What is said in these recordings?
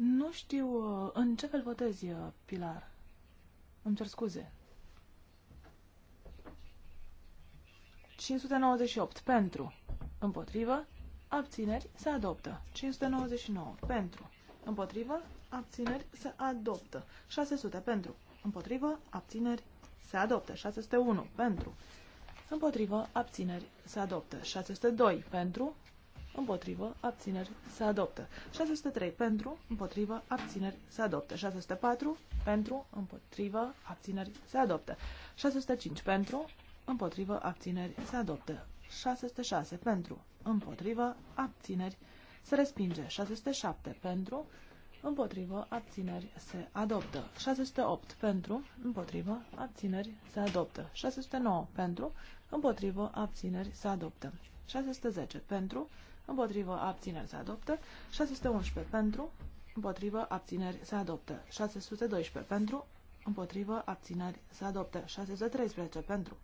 Nu știu uh, în ce fel votezi, uh, Pilar. Îmi cer scuze. 598 pentru, împotrivă, abțineri, se adoptă. 599 pentru, împotrivă, abțineri, se adoptă. 600 pentru, împotrivă, abțineri, se adoptă. 601 pentru, împotrivă, abțineri, se adoptă. 602 pentru, împotrivă, abțineri, se adoptă. 603 pentru, împotrivă, abțineri, se adoptă. 604 pentru, împotrivă, abțineri, se adoptă. 605 pentru, împotrivă, abțineri, se adoptă. 606 pentru, împotrivă, abțineri, se respinge. 607 pentru, împotrivă, abțineri, se adoptă. 608 pentru, împotrivă, abțineri, se adoptă. 609 pentru, împotrivă, abțineri, se adoptă. 610 pentru, împotrivă, abțineri se adoptă. 611 pentru, împotrivă, abțineri se adoptă. 612 pentru, împotrivă, abțineri se adoptă. 613 pentru,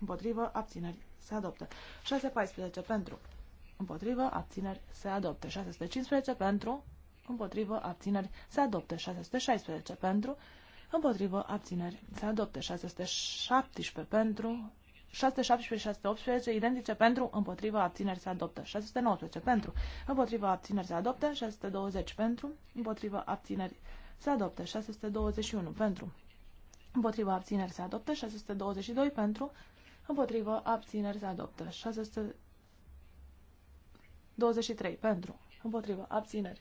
împotrivă, abțineri se adoptă. 614 pentru, împotrivă, abțineri se adoptă. 615 pentru, împotrivă, abțineri se adoptă. 616 pentru, împotrivă, abțineri se adoptă. 617 pentru, 617 și 618 identice pentru, împotriva, abțineri se adoptă. 619 pentru, împotriva, abțineri se adoptă. 620 pentru, împotriva, abțineri se adoptă. 621 pentru, împotriva, abțineri se adoptă. 622 pentru, împotriva, abțineri se adoptă. 623 pentru, împotriva, abțineri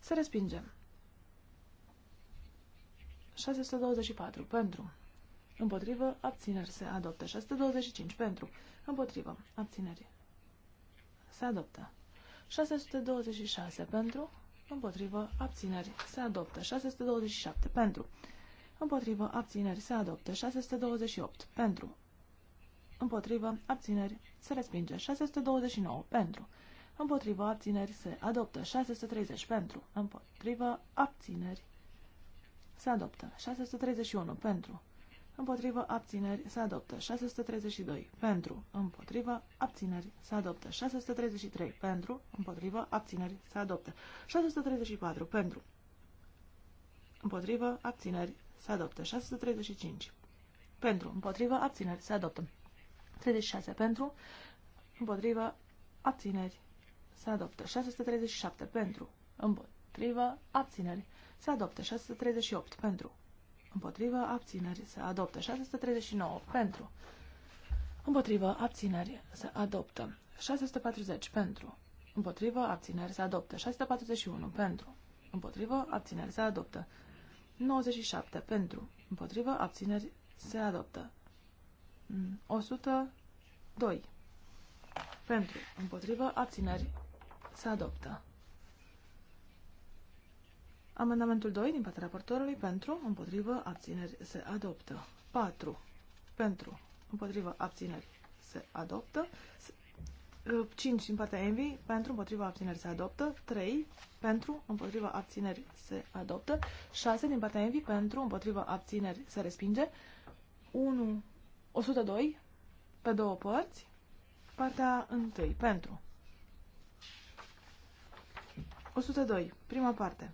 se respinge. 624 pentru, Împotrivă, abțineri se adoptă. 625 pentru. Împotrivă, abțineri se adoptă. 626 pentru. Împotrivă, abțineri se adoptă. 627 pentru. Împotrivă, abțineri se adoptă. 628 pentru. Împotrivă, abțineri se respinge. 629 pentru. Împotrivă, abțineri se adoptă. 630 pentru. Împotrivă, abțineri se adoptă. 631 pentru împotrivă, abțineri, se adoptă 632 pentru, împotrivă, abțineri, se adoptă 633 pentru, împotrivă, abțineri, se adoptă 634 pentru, împotrivă, abțineri, se adoptă 635 pentru, împotrivă, abțineri, se adoptă 36 pentru, împotrivă, abțineri, se adoptă 637 pentru, împotrivă, abțineri, se adoptă 638 pentru, Împotrivă, abțineri, se adoptă. 639 pentru. Împotrivă, abțineri, se adoptă. 640 pentru. Împotrivă, abțineri, se adoptă. 641 pentru. Împotrivă, abțineri, se adoptă. 97 pentru. Împotrivă, abțineri, se adoptă. 102 pentru. Împotrivă, abțineri, se adoptă. Amendamentul 2 din partea raportorului pentru, împotrivă, abțineri se adoptă. 4. Pentru, împotrivă, abțineri se adoptă. 5 uh, din partea Envy, pentru, împotrivă, abțineri se adoptă. 3, pentru, împotrivă, abțineri se adoptă. 6 din partea Envy, pentru, împotrivă, abțineri se respinge. 1, 102, pe două părți. Partea 1, pentru. 102, prima parte.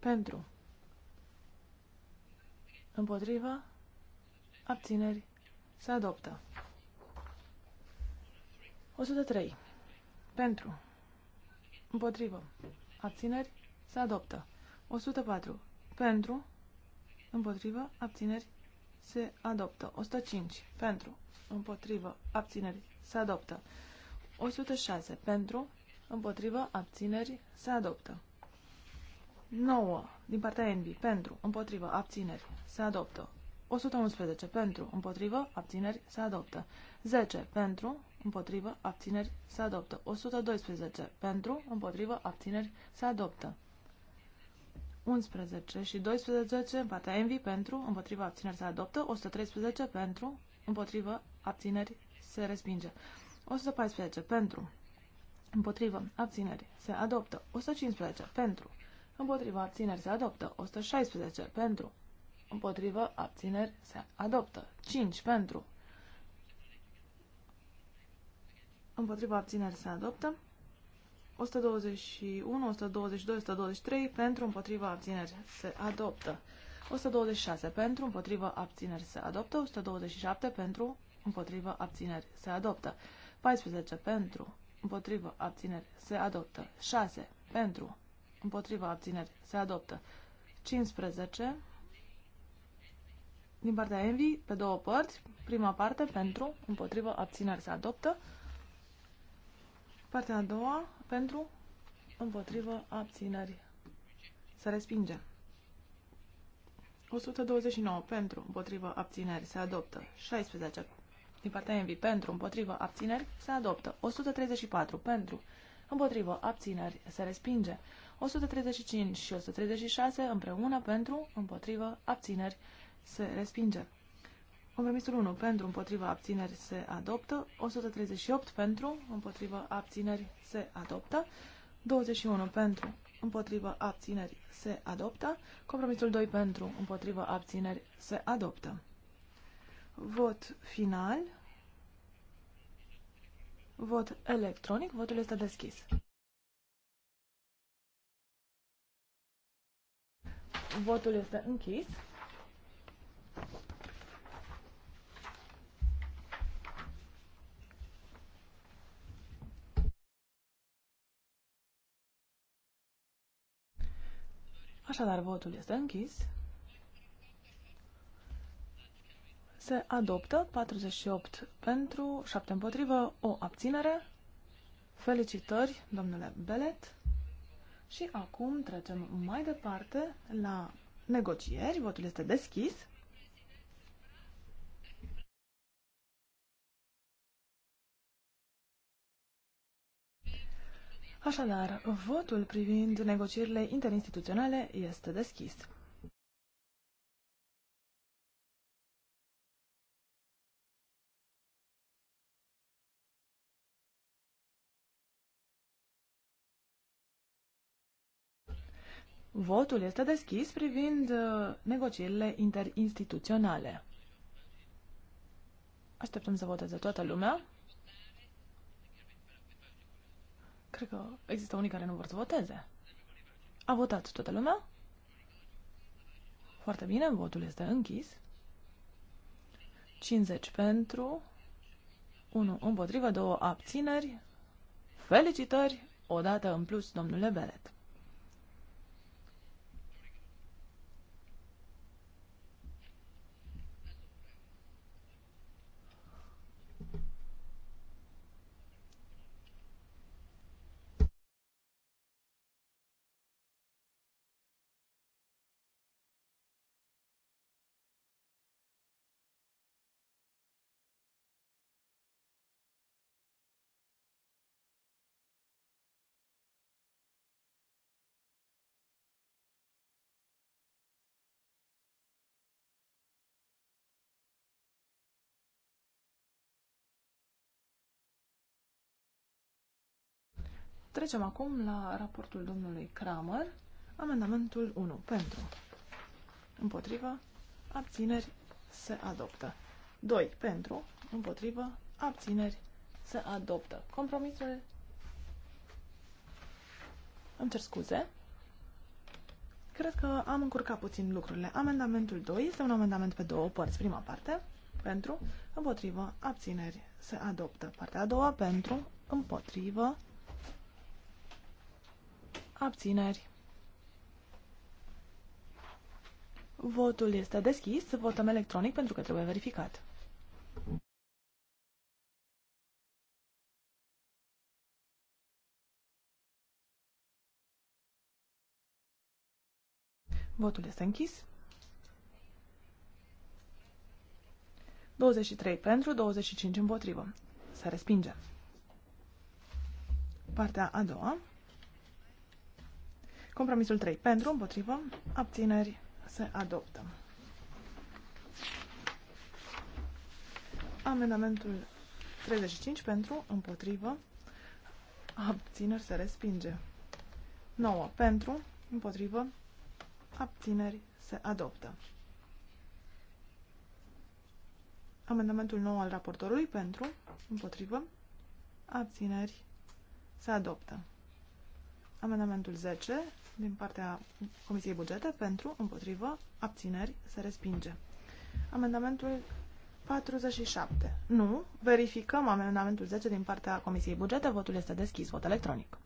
Pentru. Împotriva. Abțineri. Se adoptă. 103. Pentru. Împotrivă. Abțineri. Se adoptă. 104. Pentru. Împotrivă. Abțineri. Se adoptă. 105. Pentru. Împotrivă. Abțineri. Se adoptă. 106. Pentru. Împotrivă. Abțineri. Se adoptă. 9 din partea Envy pentru, împotrivă, abțineri, se adoptă. 111 pentru, împotrivă, abțineri, se adoptă. 10 pentru, împotrivă, abțineri, se adoptă. 112 pentru, împotrivă, abțineri, se adoptă. 11 și 12 în partea Envy pentru, împotrivă, abțineri, se adoptă. 113 pentru, împotrivă, abțineri, se respinge. 114 pentru, împotrivă, abțineri, se adoptă. 115 pentru, Împotriva abțineri se adoptă. 116 pentru. Împotriva abțineri se adoptă. 5 pentru. Împotriva abțineri se adoptă. 121, 122, 123 pentru împotriva abțineri se adoptă. 126 pentru împotriva abțineri se adoptă. 127 pentru împotriva abțineri se adoptă. 14 pentru împotriva abțineri se adoptă. 6 pentru împotriva abțineri se adoptă. 15 din partea Envy, pe două părți. Prima parte pentru, împotriva abțineri se adoptă. Partea a doua pentru, împotriva abțineri se respinge. 129 pentru, împotriva abțineri, se adoptă. 16 din partea Envy, pentru, împotriva abțineri, se adoptă. 134 pentru, împotrivă, abțineri, se respinge. 135 și 136 împreună pentru, împotrivă, abțineri se respinge. Compromisul 1 pentru, împotrivă, abțineri se adoptă. 138 pentru, împotrivă, abțineri se adoptă. 21 pentru, împotrivă, abțineri se adoptă. Compromisul 2 pentru, împotrivă, abțineri se adoptă. Vot final. Vot electronic. Votul este deschis. Votul este închis. Așadar, votul este închis. Se adoptă 48 pentru, 7 împotrivă, o abținere. Felicitări, domnule Belet. Și acum trecem mai departe la negocieri. Votul este deschis. Așadar, votul privind negocierile interinstituționale este deschis. Votul este deschis privind uh, negocierile interinstituționale. Așteptăm să voteze toată lumea. Cred că există unii care nu vor să voteze. A votat toată lumea? Foarte bine, votul este închis. 50 pentru, 1 împotrivă, 2 abțineri. Felicitări, o dată în plus, domnule Beret. Trecem acum la raportul domnului Kramer, amendamentul 1. Pentru, împotrivă, abțineri, se adoptă. 2. Pentru, împotrivă, abțineri, se adoptă. Compromisul, îmi cer scuze, cred că am încurcat puțin lucrurile. Amendamentul 2 este un amendament pe două părți. Prima parte, pentru, împotrivă, abțineri, se adoptă. Partea a doua, pentru, împotrivă, Abțineri. Votul este deschis. Votăm electronic pentru că trebuie verificat. Votul este închis. 23 pentru, 25 împotrivă. Se respinge. Partea a doua. Compromisul 3. Pentru, împotrivă, abțineri, se adoptă. Amendamentul 35 pentru, împotrivă, abțineri se respinge. 9 pentru, împotrivă, abțineri se adoptă. Amendamentul 9 al raportorului pentru, împotrivă, abțineri se adoptă. Amendamentul 10 din partea Comisiei Bugete pentru, împotrivă, abțineri, se respinge. Amendamentul 47. Nu. Verificăm amendamentul 10 din partea Comisiei Bugete. Votul este deschis. Vot electronic.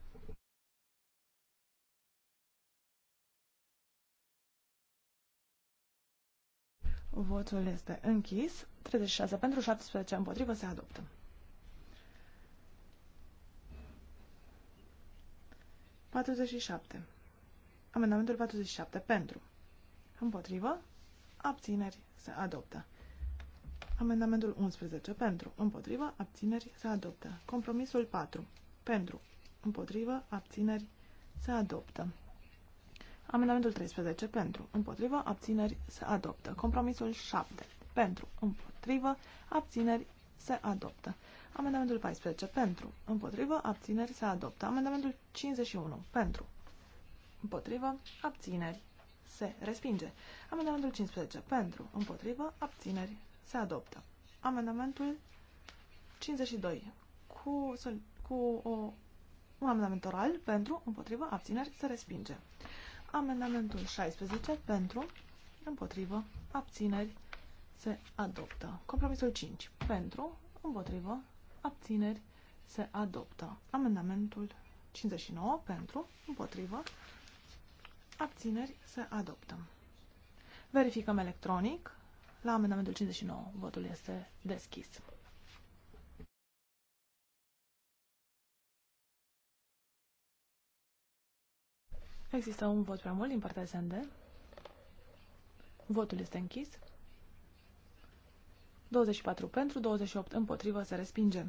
Votul este închis. 36 pentru, 17 împotrivă se adoptă. Patruzeci și șapte. Amendamentul 47 pentru. Împotrivă. Abțineri se adoptă. Amendamentul 11 pentru. Împotrivă. Abțineri se adoptă. Compromisul 4 pentru. Împotrivă. Abțineri se adoptă. Amendamentul 13 pentru. Împotrivă. Abțineri se adoptă. Compromisul 7 pentru. Împotrivă. Abțineri se adoptă. Amendamentul 14 pentru. Împotrivă. Abțineri se adoptă. Amendamentul 51 pentru împotrivă, abțineri, se respinge. Amendamentul 15 pentru, împotrivă, abțineri, se adoptă. Amendamentul 52 cu, cu o, un amendament oral pentru, împotrivă, abțineri, se respinge. Amendamentul 16 pentru, împotrivă, abțineri, se adoptă. Compromisul 5 pentru, împotrivă, abțineri, se adoptă. Amendamentul 59 pentru, împotrivă, Abțineri se adoptă. Verificăm electronic. La amendamentul 59 votul este deschis. Există un vot prea mult din partea SND. Votul este închis. 24 pentru, 28 împotrivă, se respinge.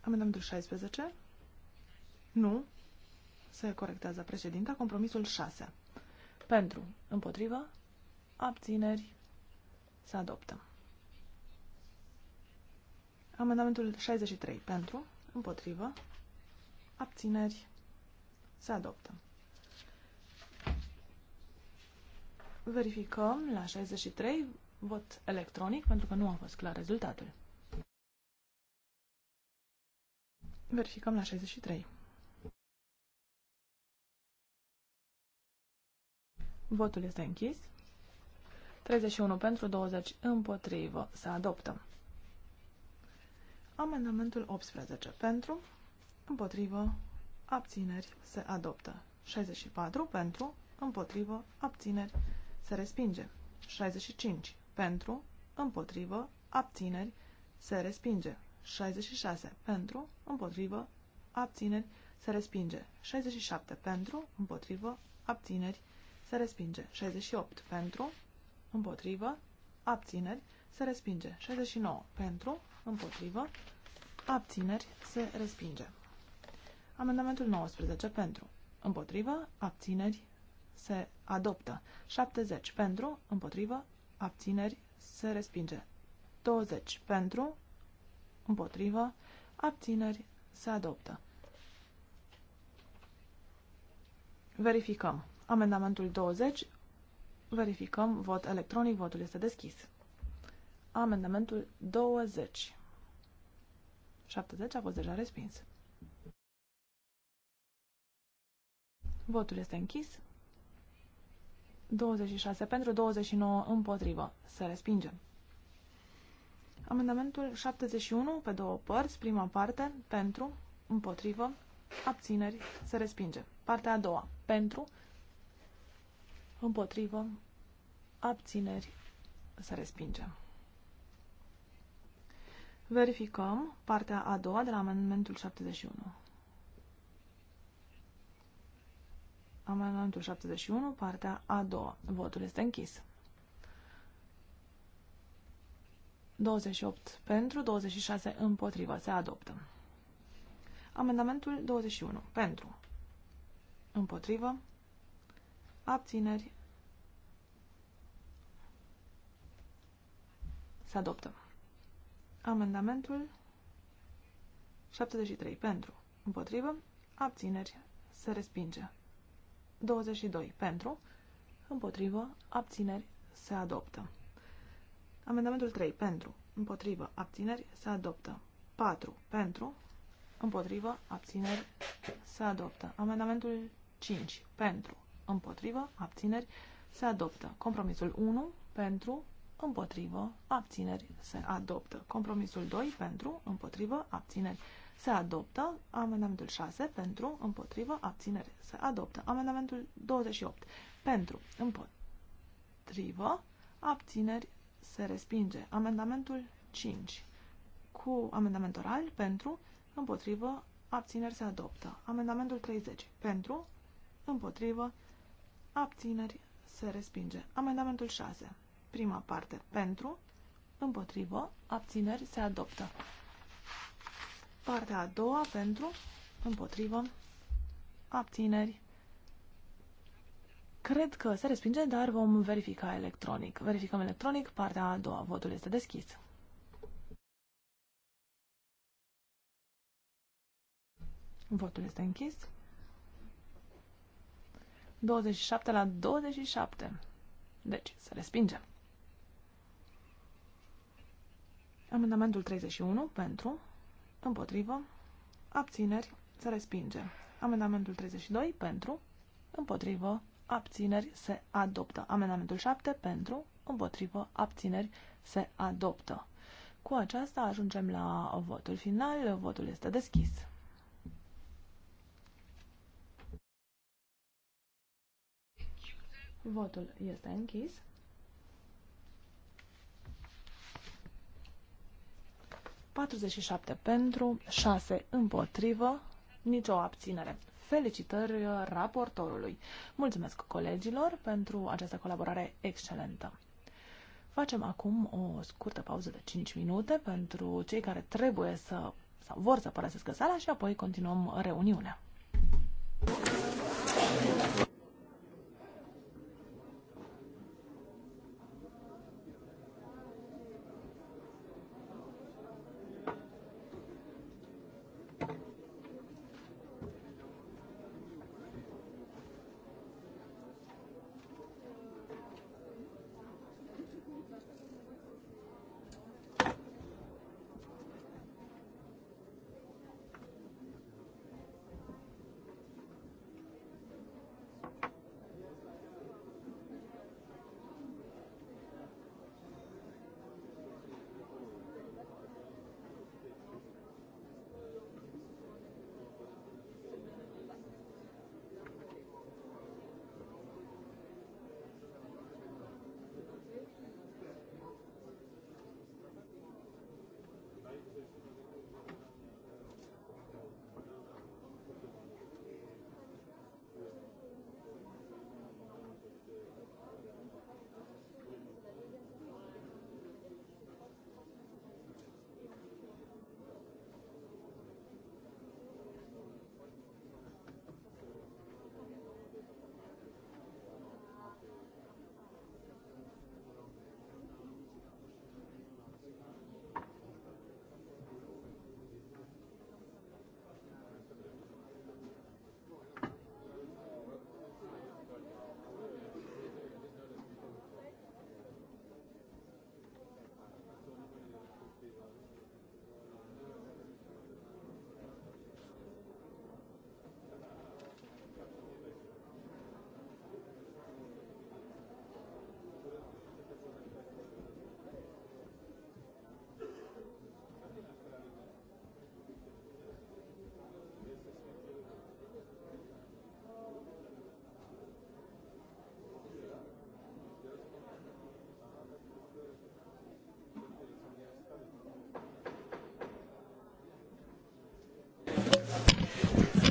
Amendamentul 16. Nu se corectează președinta, compromisul 6. Pentru, împotrivă, abțineri, se adoptă. Amendamentul 63. Pentru, împotrivă, abțineri, se adoptă. Verificăm la 63 vot electronic, pentru că nu a fost clar rezultatul. Verificăm la 63. Votul este închis. 31 pentru, 20 împotrivă. Se adoptă. Amendamentul 18 pentru, împotrivă, abțineri, se adoptă. 64 pentru, împotrivă, abțineri, se respinge. 65 pentru, împotrivă, abțineri, se respinge. 66 pentru, împotrivă, abțineri, se respinge. 67 pentru, împotrivă, abțineri, se se respinge. 68 pentru, împotrivă, abțineri, se respinge. 69 pentru, împotrivă, abțineri, se respinge. Amendamentul 19 pentru, împotrivă, abțineri, se adoptă. 70 pentru, împotrivă, abțineri, se respinge. 20 pentru, împotrivă, abțineri, se adoptă. Verificăm. Amendamentul 20. Verificăm vot electronic. Votul este deschis. Amendamentul 20. 70 a fost deja respins. Votul este închis. 26 pentru, 29 împotrivă. Se respinge. Amendamentul 71 pe două părți, prima parte, pentru, împotrivă, abțineri, se respinge. Partea a doua, pentru, împotrivă, abțineri, să respingem. Verificăm partea a doua de la amendamentul 71. Amendamentul 71, partea a doua. Votul este închis. 28 pentru, 26 împotrivă. Se adoptă. Amendamentul 21 pentru, împotrivă, Abțineri. Se adoptă. Amendamentul 73. Pentru. Împotrivă. Abțineri. Se respinge. 22. Pentru. Împotrivă. Abțineri. Se adoptă. Amendamentul 3. Pentru. Împotrivă. Abțineri. Se adoptă. 4. Pentru. Împotrivă. Abțineri. Se adoptă. Amendamentul 5. Pentru împotrivă, abțineri, se adoptă. Compromisul 1 pentru, împotrivă, abțineri, se adoptă. Compromisul 2 pentru, împotrivă, abțineri, se adoptă. Amendamentul 6 pentru, împotrivă, abțineri, se adoptă. Amendamentul 28 pentru, împotrivă, abțineri, se respinge. Amendamentul 5 cu amendament oral pentru, împotrivă, abțineri, se adoptă. Amendamentul 30 pentru, împotrivă, abțineri, abțineri, se respinge. Amendamentul 6, prima parte, pentru, împotrivă, abțineri, se adoptă. Partea a doua, pentru, împotrivă, abțineri. Cred că se respinge, dar vom verifica electronic. Verificăm electronic, partea a doua, votul este deschis. Votul este închis. 27 la 27. Deci, se respinge. Amendamentul 31 pentru, împotrivă, abțineri, se respinge. Amendamentul 32 pentru, împotrivă, abțineri, se adoptă. Amendamentul 7 pentru, împotrivă, abțineri, se adoptă. Cu aceasta ajungem la votul final. Votul este deschis. Votul este închis. Patruzeci pentru, 6 împotrivă, nicio abținere. Felicitări uh, raportorului. Mulțumesc colegilor pentru această colaborare excelentă. Facem acum o scurtă pauză de 5 minute pentru cei care trebuie să sau vor să părăsesc sala și apoi continuăm reuniunea.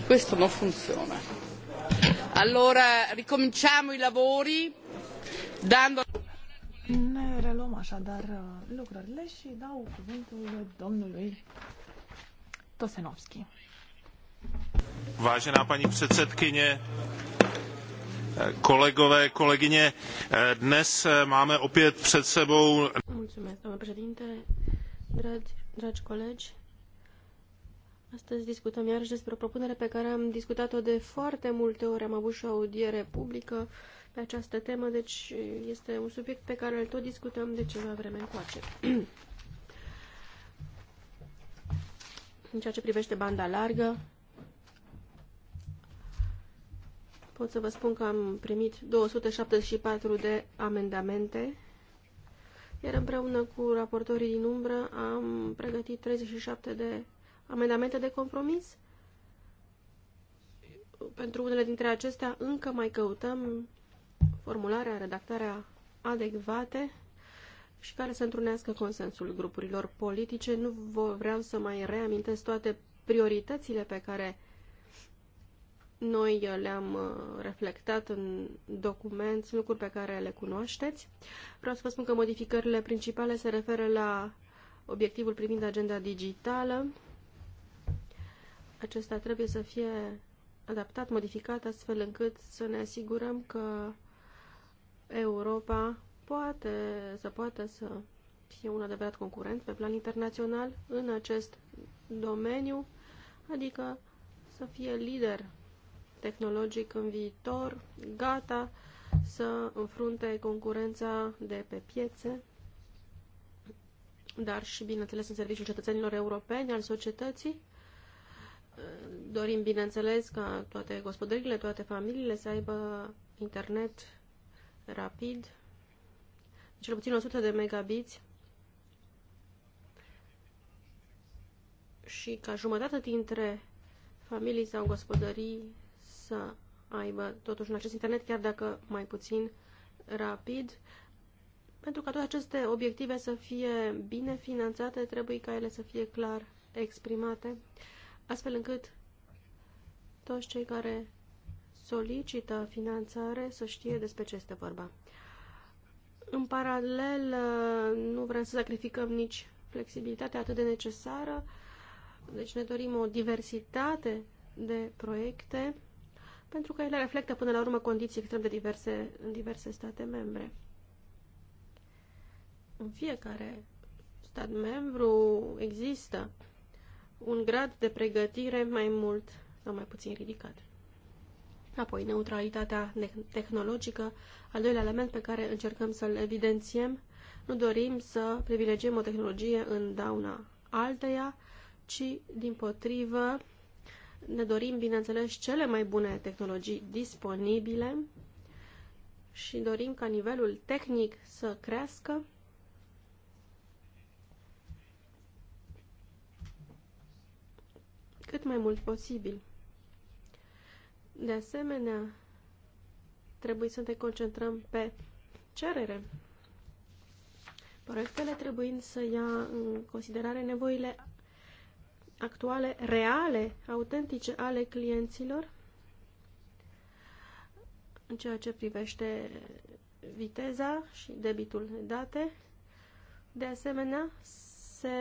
questo non funziona. Allora ricominciamo i lavori dando... Ne reluăm așadar uh, lucrările și dau cuvântul domnului Tosenovski. Vážená paní předsedkyně, kolegové, kolegyně, dnes eh, máme opět před sebou... Mulțumesc, președinte, dragi, dragi colegi, Astăzi discutăm iarăși despre o propunere pe care am discutat-o de foarte multe ori. Am avut și o audiere publică pe această temă, deci este un subiect pe care îl tot discutăm de ceva vreme încoace. în ceea ce privește banda largă, pot să vă spun că am primit 274 de amendamente, iar împreună cu raportorii din umbră am pregătit 37 de amendamente de compromis. Pentru unele dintre acestea încă mai căutăm formularea, redactarea adecvate și care să întrunească consensul grupurilor politice. Nu vreau să mai reamintesc toate prioritățile pe care noi le-am uh, reflectat în document, lucruri pe care le cunoașteți. Vreau să vă spun că modificările principale se referă la obiectivul privind agenda digitală, acesta trebuie să fie adaptat, modificat, astfel încât să ne asigurăm că Europa poate să poată să fie un adevărat concurent pe plan internațional în acest domeniu, adică să fie lider tehnologic în viitor, gata să înfrunte concurența de pe piețe, dar și, bineînțeles, în serviciul cetățenilor europeni, al societății, dorim, bineînțeles, ca toate gospodările, toate familiile să aibă internet rapid, cel puțin 100 de megabiți și ca jumătate dintre familii sau gospodării să aibă totuși în acest internet, chiar dacă mai puțin rapid. Pentru ca toate aceste obiective să fie bine finanțate, trebuie ca ele să fie clar exprimate astfel încât toți cei care solicită finanțare să știe despre ce este vorba. În paralel, nu vrem să sacrificăm nici flexibilitatea atât de necesară, deci ne dorim o diversitate de proiecte, pentru că ele reflectă până la urmă condiții extrem de diverse în diverse state membre. În fiecare stat membru există un grad de pregătire mai mult sau mai puțin ridicat. Apoi, neutralitatea tehnologică, al doilea element pe care încercăm să-l evidențiem, nu dorim să privilegiem o tehnologie în dauna alteia, ci, din potrivă, ne dorim, bineînțeles, cele mai bune tehnologii disponibile și dorim ca nivelul tehnic să crească cât mai mult posibil. De asemenea, trebuie să ne concentrăm pe cerere. Proiectele trebuie să ia în considerare nevoile actuale, reale, autentice ale clienților în ceea ce privește viteza și debitul date. De asemenea, se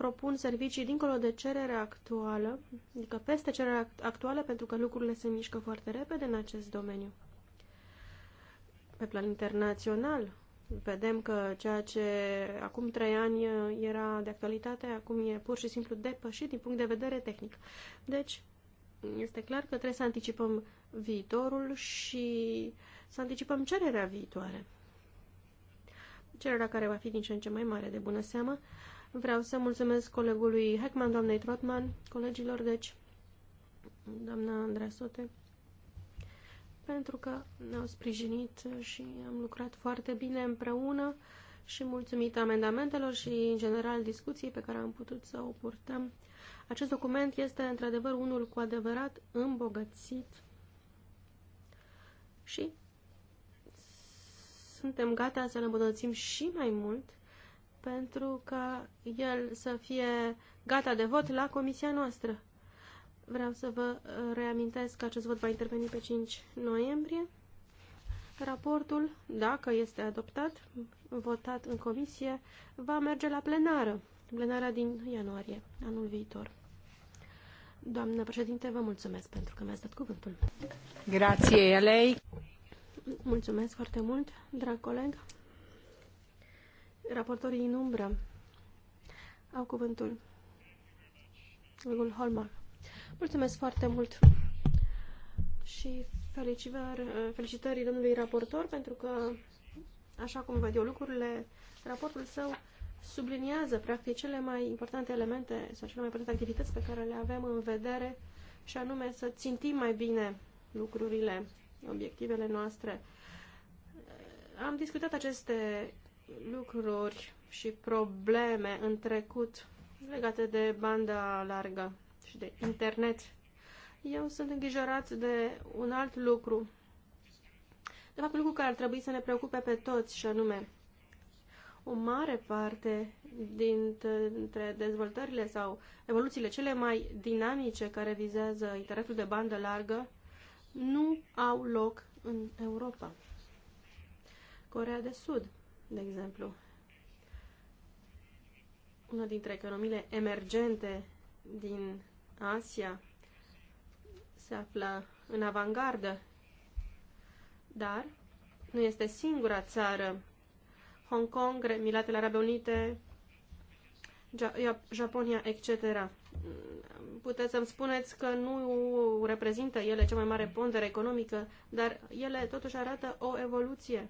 propun servicii dincolo de cererea actuală, adică peste cererea actuală, pentru că lucrurile se mișcă foarte repede în acest domeniu. Pe plan internațional, vedem că ceea ce acum trei ani era de actualitate, acum e pur și simplu depășit din punct de vedere tehnic. Deci, este clar că trebuie să anticipăm viitorul și să anticipăm cererea viitoare. Cererea care va fi din ce în ce mai mare, de bună seamă. Vreau să mulțumesc colegului Heckman, doamnei Trotman, colegilor, deci, doamna Andrasote, pentru că ne-au sprijinit și am lucrat foarte bine împreună și mulțumită amendamentelor și, în general, discuției pe care am putut să o purtăm. Acest document este, într-adevăr, unul cu adevărat îmbogățit și suntem gata să îl îmbogățim și mai mult pentru ca el să fie gata de vot la comisia noastră. Vreau să vă uh, reamintesc că acest vot va interveni pe 5 noiembrie. Raportul, dacă este adoptat, votat în comisie, va merge la plenară, plenara din ianuarie, anul viitor. Doamnă președinte, vă mulțumesc pentru că mi-ați dat cuvântul. Grație, Elei. Mulțumesc foarte mult, drag coleg. Raportorii în umbră au cuvântul. Regul Holmar. Mulțumesc foarte mult și felicitări domnului raportor pentru că, așa cum văd eu lucrurile, raportul său subliniază practic cele mai importante elemente sau cele mai importante activități pe care le avem în vedere și anume să țintim mai bine lucrurile, obiectivele noastre. Am discutat aceste lucruri și probleme în trecut legate de banda largă și de internet. Eu sunt îngrijorat de un alt lucru. De fapt, lucru care ar trebui să ne preocupe pe toți, și anume, o mare parte dintre dezvoltările sau evoluțiile cele mai dinamice care vizează internetul de bandă largă nu au loc în Europa. Corea de Sud, de exemplu. Una dintre economiile emergente din Asia se află în avangardă, dar nu este singura țară. Hong Kong, Emiratele Arabe Unite, Japonia, etc. Puteți să-mi spuneți că nu reprezintă ele cea mai mare pondere economică, dar ele totuși arată o evoluție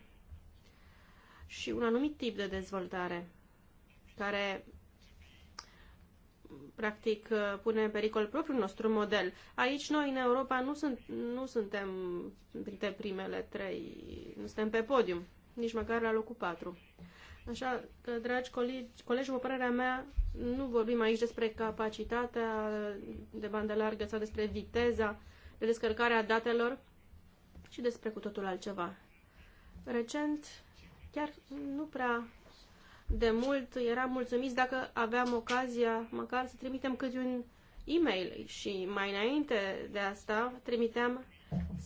și un anumit tip de dezvoltare care practic pune în pericol propriul nostru model. Aici noi în Europa nu, sunt, nu suntem printre primele trei, nu suntem pe podium, nici măcar la locul 4. Așa că, dragi colegi, colegi, după părerea mea, nu vorbim aici despre capacitatea de bandă largă sau despre viteza de descărcare a datelor, ci despre cu totul altceva. Recent, Chiar nu prea de mult eram mulțumiți dacă aveam ocazia măcar să trimitem câte un e-mail și mai înainte de asta trimiteam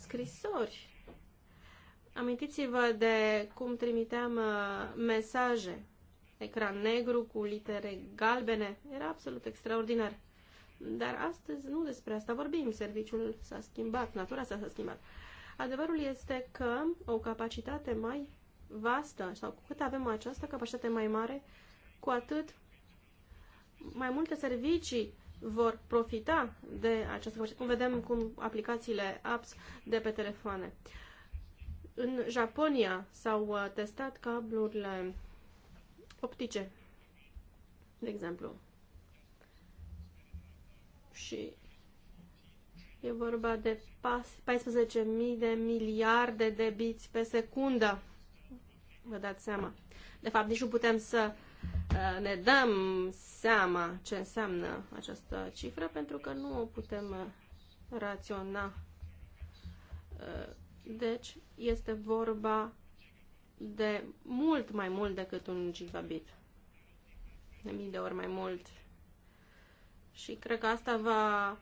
scrisori. Amintiți-vă de cum trimiteam uh, mesaje. Ecran negru cu litere galbene. Era absolut extraordinar. Dar astăzi nu despre asta vorbim. Serviciul s-a schimbat, natura s-a schimbat. Adevărul este că o capacitate mai vastă sau cu cât avem această capacitate mai mare, cu atât mai multe servicii vor profita de această capacitate, cum vedem cum aplicațiile apps de pe telefoane. În Japonia s-au uh, testat cablurile optice, de exemplu. Și e vorba de 14.000 de miliarde de biți pe secundă vă dați seama. De fapt, nici nu putem să uh, ne dăm seama ce înseamnă această cifră, pentru că nu o putem uh, raționa. Uh, deci, este vorba de mult mai mult decât un gigabit. De mii de ori mai mult. Și cred că asta va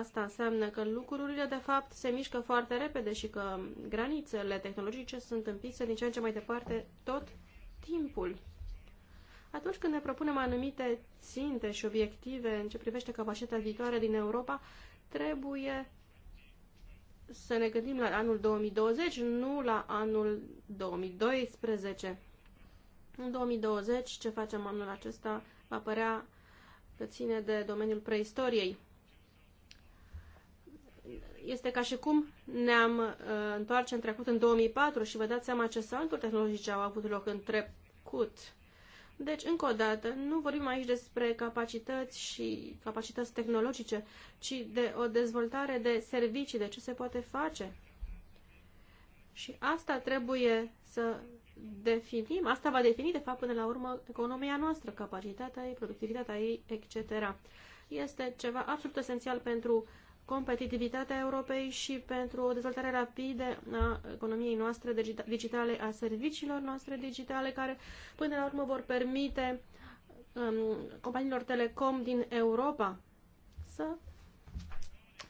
Asta înseamnă că lucrurile, de fapt, se mișcă foarte repede și că granițele tehnologice sunt împinse din ce în ce mai departe tot timpul. Atunci când ne propunem anumite ținte și obiective în ce privește capacitatea viitoare din Europa, trebuie să ne gândim la anul 2020, nu la anul 2012. În 2020, ce facem anul acesta, va părea că ține de domeniul preistoriei este ca și cum ne-am uh, întoarce în trecut în 2004 și vă dați seama ce salturi tehnologice au avut loc în trecut. Deci, încă o dată, nu vorbim aici despre capacități și capacități tehnologice, ci de o dezvoltare de servicii, de ce se poate face. Și asta trebuie să definim, asta va defini, de fapt, până la urmă, economia noastră, capacitatea ei, productivitatea ei, etc. Este ceva absolut esențial pentru uh, competitivitatea Europei și pentru o dezvoltare rapidă a economiei noastre digitale, a serviciilor noastre digitale, care până la urmă vor permite um, companiilor telecom din Europa să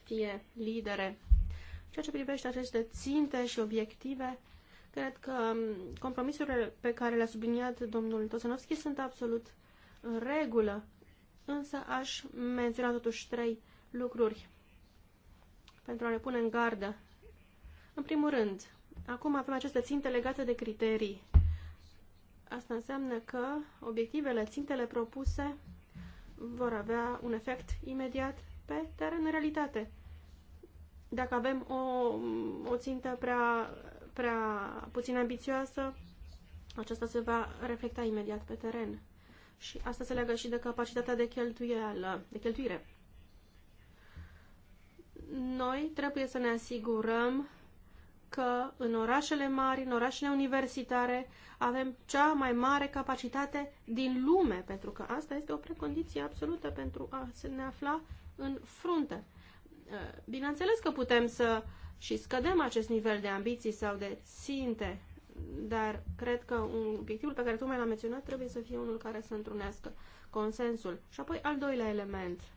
fie lidere. Ceea ce privește aceste ținte și obiective, cred că um, compromisurile pe care le-a subliniat domnul Tosanovski sunt absolut în regulă, însă aș menționa totuși trei lucruri pentru a ne pune în gardă. În primul rând, acum avem aceste țintă legate de criterii. Asta înseamnă că obiectivele, țintele propuse vor avea un efect imediat pe teren în realitate. Dacă avem o, o țintă prea, prea puțin ambițioasă, aceasta se va reflecta imediat pe teren. Și asta se leagă și de capacitatea de cheltuială, de cheltuire noi trebuie să ne asigurăm că în orașele mari, în orașele universitare, avem cea mai mare capacitate din lume, pentru că asta este o precondiție absolută pentru a se ne afla în frunte. Eh, bineînțeles că putem să și scădem acest nivel de ambiții sau de ținte, dar cred că un obiectivul pe care mai l-am menționat trebuie să fie unul care să întrunească consensul. Și apoi al doilea element –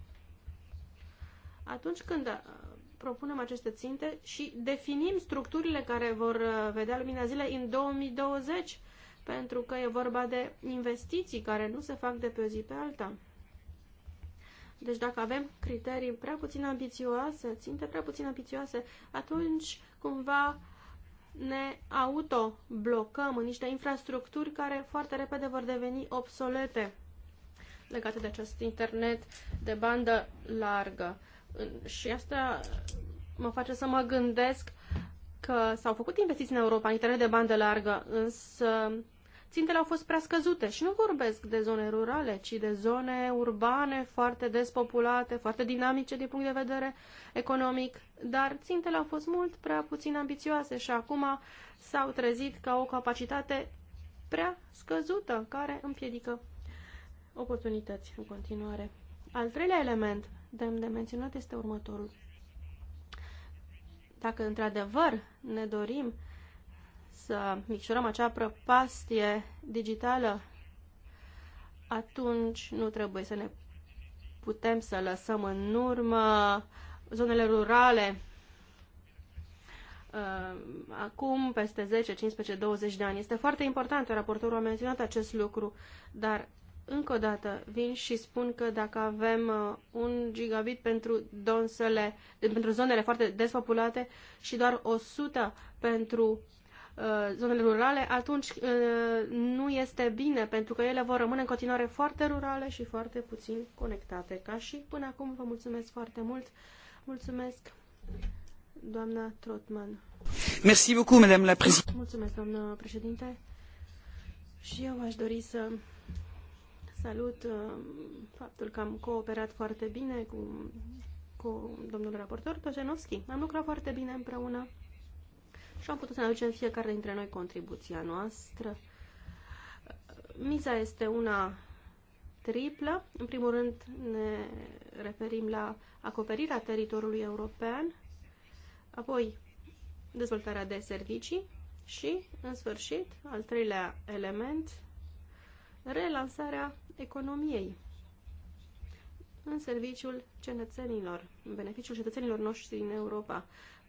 atunci când uh, propunem aceste ținte și definim structurile care vor uh, vedea lumina zilei în 2020, pentru că e vorba de investiții care nu se fac de pe o zi pe alta. Deci dacă avem criterii prea puțin ambițioase, ținte prea puțin ambițioase, atunci cumva ne autoblocăm în niște infrastructuri care foarte repede vor deveni obsolete legate de acest internet de bandă largă. Și asta mă face să mă gândesc că s-au făcut investiții în Europa, în internet de bandă largă, însă țintele au fost prea scăzute și nu vorbesc de zone rurale, ci de zone urbane foarte despopulate, foarte dinamice din punct de vedere economic, dar țintele au fost mult prea puțin ambițioase și acum s-au trezit ca o capacitate prea scăzută care împiedică oportunități în continuare. Al treilea element demn de menționat este următorul. Dacă într-adevăr ne dorim să micșorăm acea prăpastie digitală, atunci nu trebuie să ne putem să lăsăm în urmă zonele rurale. Uh, acum, peste 10, 15, 20 de ani. Este foarte important, raportorul a menționat acest lucru, dar încă o dată vin și spun că dacă avem uh, un gigabit pentru, donsele, pentru zonele foarte despopulate și doar 100 pentru uh, zonele rurale, atunci uh, nu este bine, pentru că ele vor rămâne în continuare foarte rurale și foarte puțin conectate. Ca și până acum, vă mulțumesc foarte mult. Mulțumesc, doamna Trotman. Merci beaucoup, madame la președinte. Mulțumesc, doamna președinte. Și eu aș dori să Salut uh, faptul că am cooperat foarte bine cu, cu domnul raportor Tojenovski. Am lucrat foarte bine împreună și am putut să ne aducem fiecare dintre noi contribuția noastră. Miza este una triplă. În primul rând ne referim la acoperirea teritoriului european, apoi dezvoltarea de servicii și, în sfârșit, al treilea element, relansarea economiei în serviciul cetățenilor, în beneficiul cetățenilor noștri din Europa.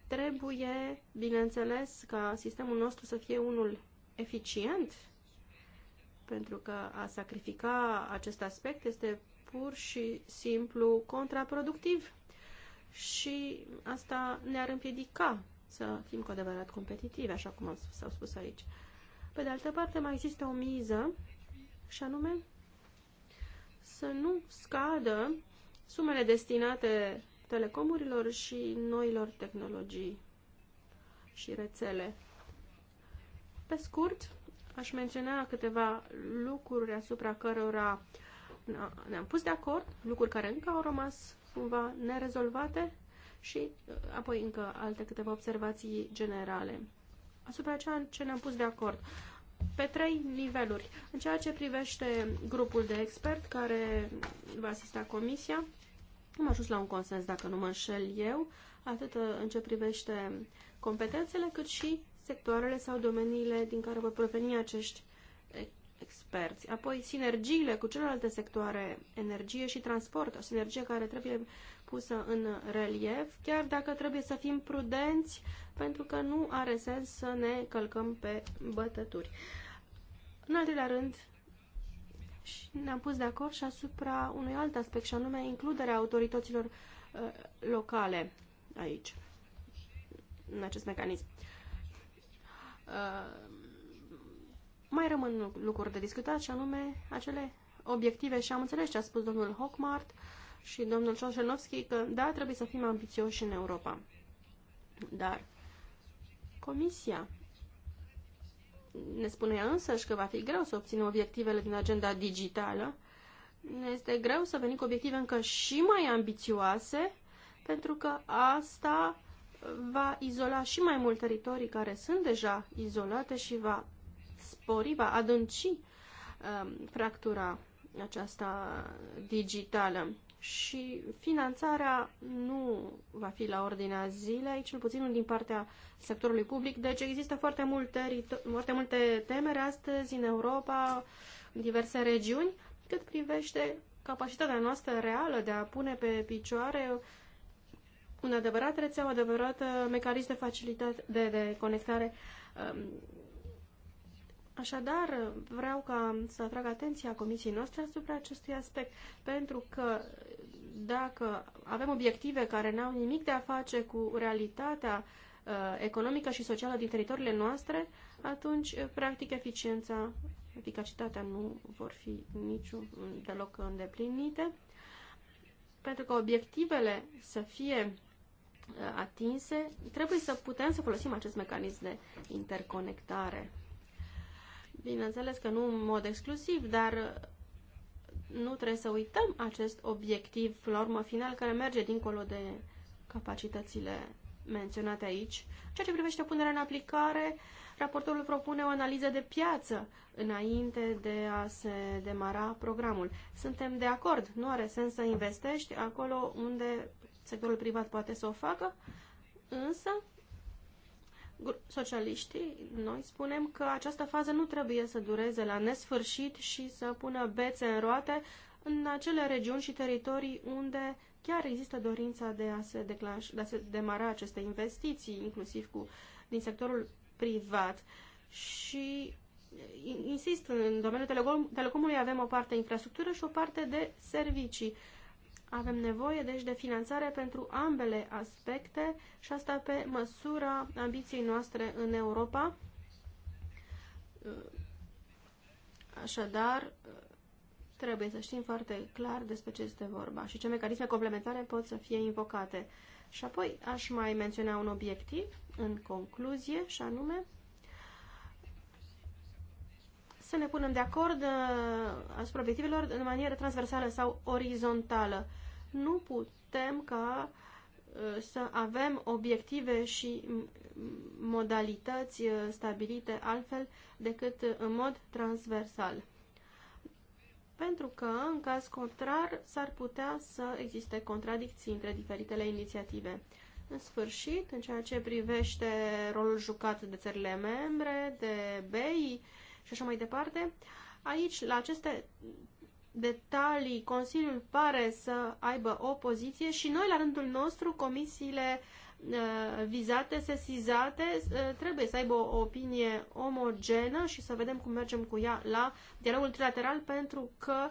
Trebuie, bineînțeles, ca sistemul nostru să fie unul eficient, pentru că a sacrifica acest aspect este pur și simplu contraproductiv și asta ne-ar împiedica să fim cu adevărat competitivi, așa cum s-au spus aici. Pe de altă parte, mai există o miză și anume să nu scadă sumele destinate telecomurilor și noilor tehnologii și rețele. Pe scurt, aș menționa câteva lucruri asupra cărora ne-am pus de acord, lucruri care încă au rămas cumva nerezolvate și uh, apoi încă alte câteva observații generale. Asupra ceea ce ne-am pus de acord pe trei niveluri. În ceea ce privește grupul de expert care va asista comisia, am ajuns la un consens, dacă nu mă înșel eu, atât uh, în ce privește competențele, cât și sectoarele sau domeniile din care vor proveni acești experți. Apoi, sinergiile cu celelalte sectoare, energie și transport, o sinergie care trebuie pusă în relief, chiar dacă trebuie să fim prudenți, pentru că nu are sens să ne călcăm pe bătături. În al treilea rând, ne-am pus de acord și asupra unui alt aspect, și anume includerea autorităților uh, locale aici, în acest mecanism. Uh, mai rămân lucruri de discutat și anume acele obiective și am înțeles ce a spus domnul Hockmart și domnul Șoșenovski că da, trebuie să fim ambițioși în Europa. Dar Comisia ne spune ea însăși că va fi greu să obținem obiectivele din agenda digitală. Ne este greu să venim cu obiective încă și mai ambițioase, pentru că asta va izola și mai mult teritorii care sunt deja izolate și va spori, va adânci um, fractura aceasta digitală și finanțarea nu va fi la ordinea zilei, cel puțin din partea sectorului public. Deci există foarte multe, foarte multe temere astăzi în Europa, în diverse regiuni, cât privește capacitatea noastră reală de a pune pe picioare un adevărat rețeau, adevărat mecanism de, facilitate, de, de conectare um, Așadar, vreau ca să atrag atenția comisiei noastre asupra acestui aspect, pentru că dacă avem obiective care n-au nimic de a face cu realitatea uh, economică și socială din teritoriile noastre, atunci, uh, practic, eficiența, eficacitatea nu vor fi niciun deloc îndeplinite, pentru că obiectivele să fie uh, atinse, trebuie să putem să folosim acest mecanism de interconectare. Bineînțeles că nu în mod exclusiv, dar nu trebuie să uităm acest obiectiv, la urmă, final, care merge dincolo de capacitățile menționate aici. Ceea ce privește punerea în aplicare, raportorul propune o analiză de piață înainte de a se demara programul. Suntem de acord, nu are sens să investești acolo unde sectorul privat poate să o facă, însă Socialiștii, noi spunem că această fază nu trebuie să dureze la nesfârșit și să pună bețe în roate în acele regiuni și teritorii unde chiar există dorința de a se, declanș, de a se demara aceste investiții, inclusiv cu, din sectorul privat. Și insist, în domeniul telecom, telecomului avem o parte infrastructură și o parte de servicii. Avem nevoie, deci, de finanțare pentru ambele aspecte și asta pe măsura ambiției noastre în Europa. Așadar, trebuie să știm foarte clar despre ce este vorba și ce mecanisme complementare pot să fie invocate. Și apoi aș mai menționa un obiectiv în concluzie și anume să ne punem de acord uh, asupra obiectivelor în manieră transversală sau orizontală nu putem ca uh, să avem obiective și modalități uh, stabilite altfel decât uh, în mod transversal. Pentru că, în caz contrar, s-ar putea să existe contradicții între diferitele inițiative. În sfârșit, în ceea ce privește rolul jucat de țările membre, de BEI și așa mai departe, aici, la aceste detalii, Consiliul pare să aibă o poziție și noi, la rândul nostru, comisiile uh, vizate, sesizate, uh, trebuie să aibă o opinie omogenă și să vedem cum mergem cu ea la dialogul trilateral, pentru că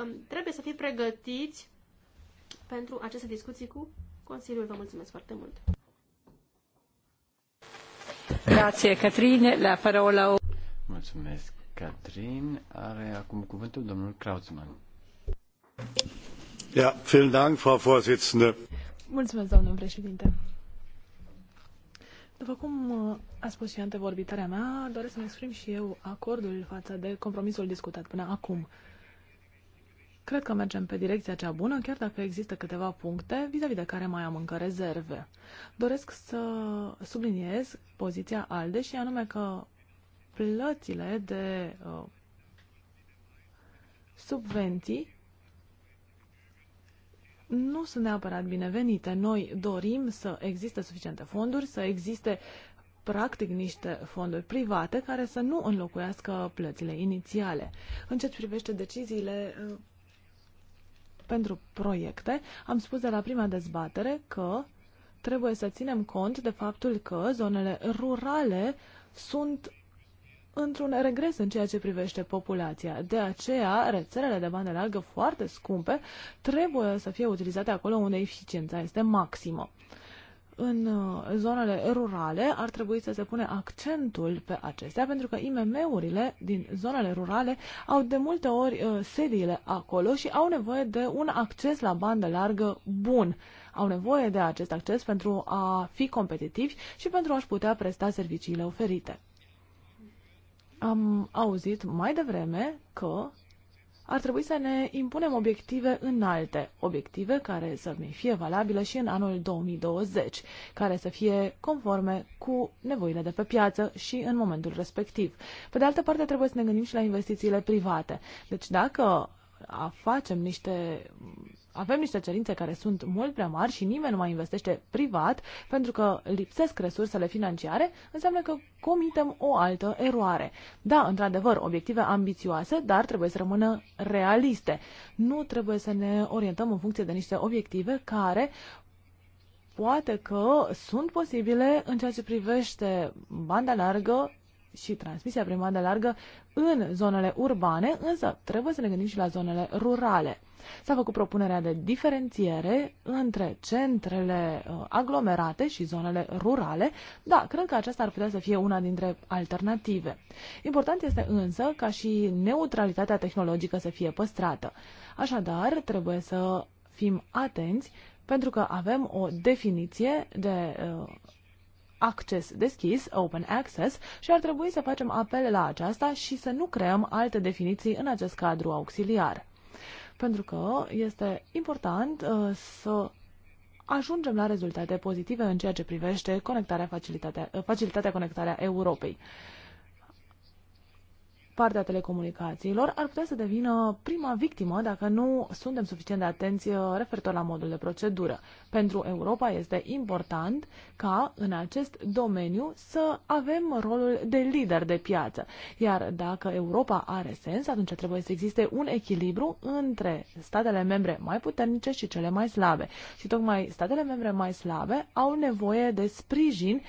um, trebuie să fim pregătiți pentru aceste discuții cu Consiliul. Vă mulțumesc foarte mult! Grazie, Catrine. La parola... Mulțumesc, Catherine. Are acum cuvântul domnul Krautzmann. Ja, vielen Dank, Frau Vorsitzende. Mulțumesc, domnul președinte. După cum uh, a spus și antevorbitarea mea, doresc să-mi exprim și eu acordul față de compromisul discutat până acum. Cred că mergem pe direcția cea bună, chiar dacă există câteva puncte vis-a-vis -vis de care mai am încă rezerve. Doresc să subliniez poziția ALDE și anume că plățile de uh, subvenții nu sunt neapărat binevenite. Noi dorim să existe suficiente fonduri, să existe practic niște fonduri private care să nu înlocuiască plățile inițiale. În ce privește deciziile uh, pentru proiecte, am spus de la prima dezbatere că trebuie să ținem cont de faptul că zonele rurale sunt într-un regres în ceea ce privește populația. De aceea, rețelele de bandă largă foarte scumpe trebuie să fie utilizate acolo unde eficiența este maximă. În uh, zonele rurale ar trebui să se pune accentul pe acestea, pentru că IMM-urile din zonele rurale au de multe ori uh, sediile acolo și au nevoie de un acces la bandă largă bun au nevoie de acest acces pentru a fi competitivi și pentru a-și putea presta serviciile oferite. Am auzit mai devreme că ar trebui să ne impunem obiective înalte, obiective care să fie valabile și în anul 2020, care să fie conforme cu nevoile de pe piață și în momentul respectiv. Pe de altă parte, trebuie să ne gândim și la investițiile private. Deci dacă facem niște avem niște cerințe care sunt mult prea mari și nimeni nu mai investește privat pentru că lipsesc resursele financiare, înseamnă că comitem o altă eroare. Da, într-adevăr, obiective ambițioase, dar trebuie să rămână realiste. Nu trebuie să ne orientăm în funcție de niște obiective care poate că sunt posibile în ceea ce privește banda largă și transmisia prin bandă largă în zonele urbane, însă trebuie să ne gândim și la zonele rurale. S-a făcut propunerea de diferențiere între centrele uh, aglomerate și zonele rurale. Da, cred că aceasta ar putea să fie una dintre alternative. Important este însă ca și neutralitatea tehnologică să fie păstrată. Așadar, trebuie să fim atenți pentru că avem o definiție de uh, acces deschis, open access, și ar trebui să facem apel la aceasta și să nu creăm alte definiții în acest cadru auxiliar. Pentru că este important uh, să ajungem la rezultate pozitive în ceea ce privește conectarea facilitatea, uh, facilitatea conectarea Europei partea telecomunicațiilor ar putea să devină prima victimă dacă nu suntem suficient de atenți uh, referitor la modul de procedură. Pentru Europa este important ca în acest domeniu să avem rolul de lider de piață. Iar dacă Europa are sens, atunci trebuie să existe un echilibru între statele membre mai puternice și cele mai slabe. Și tocmai statele membre mai slabe au nevoie de sprijin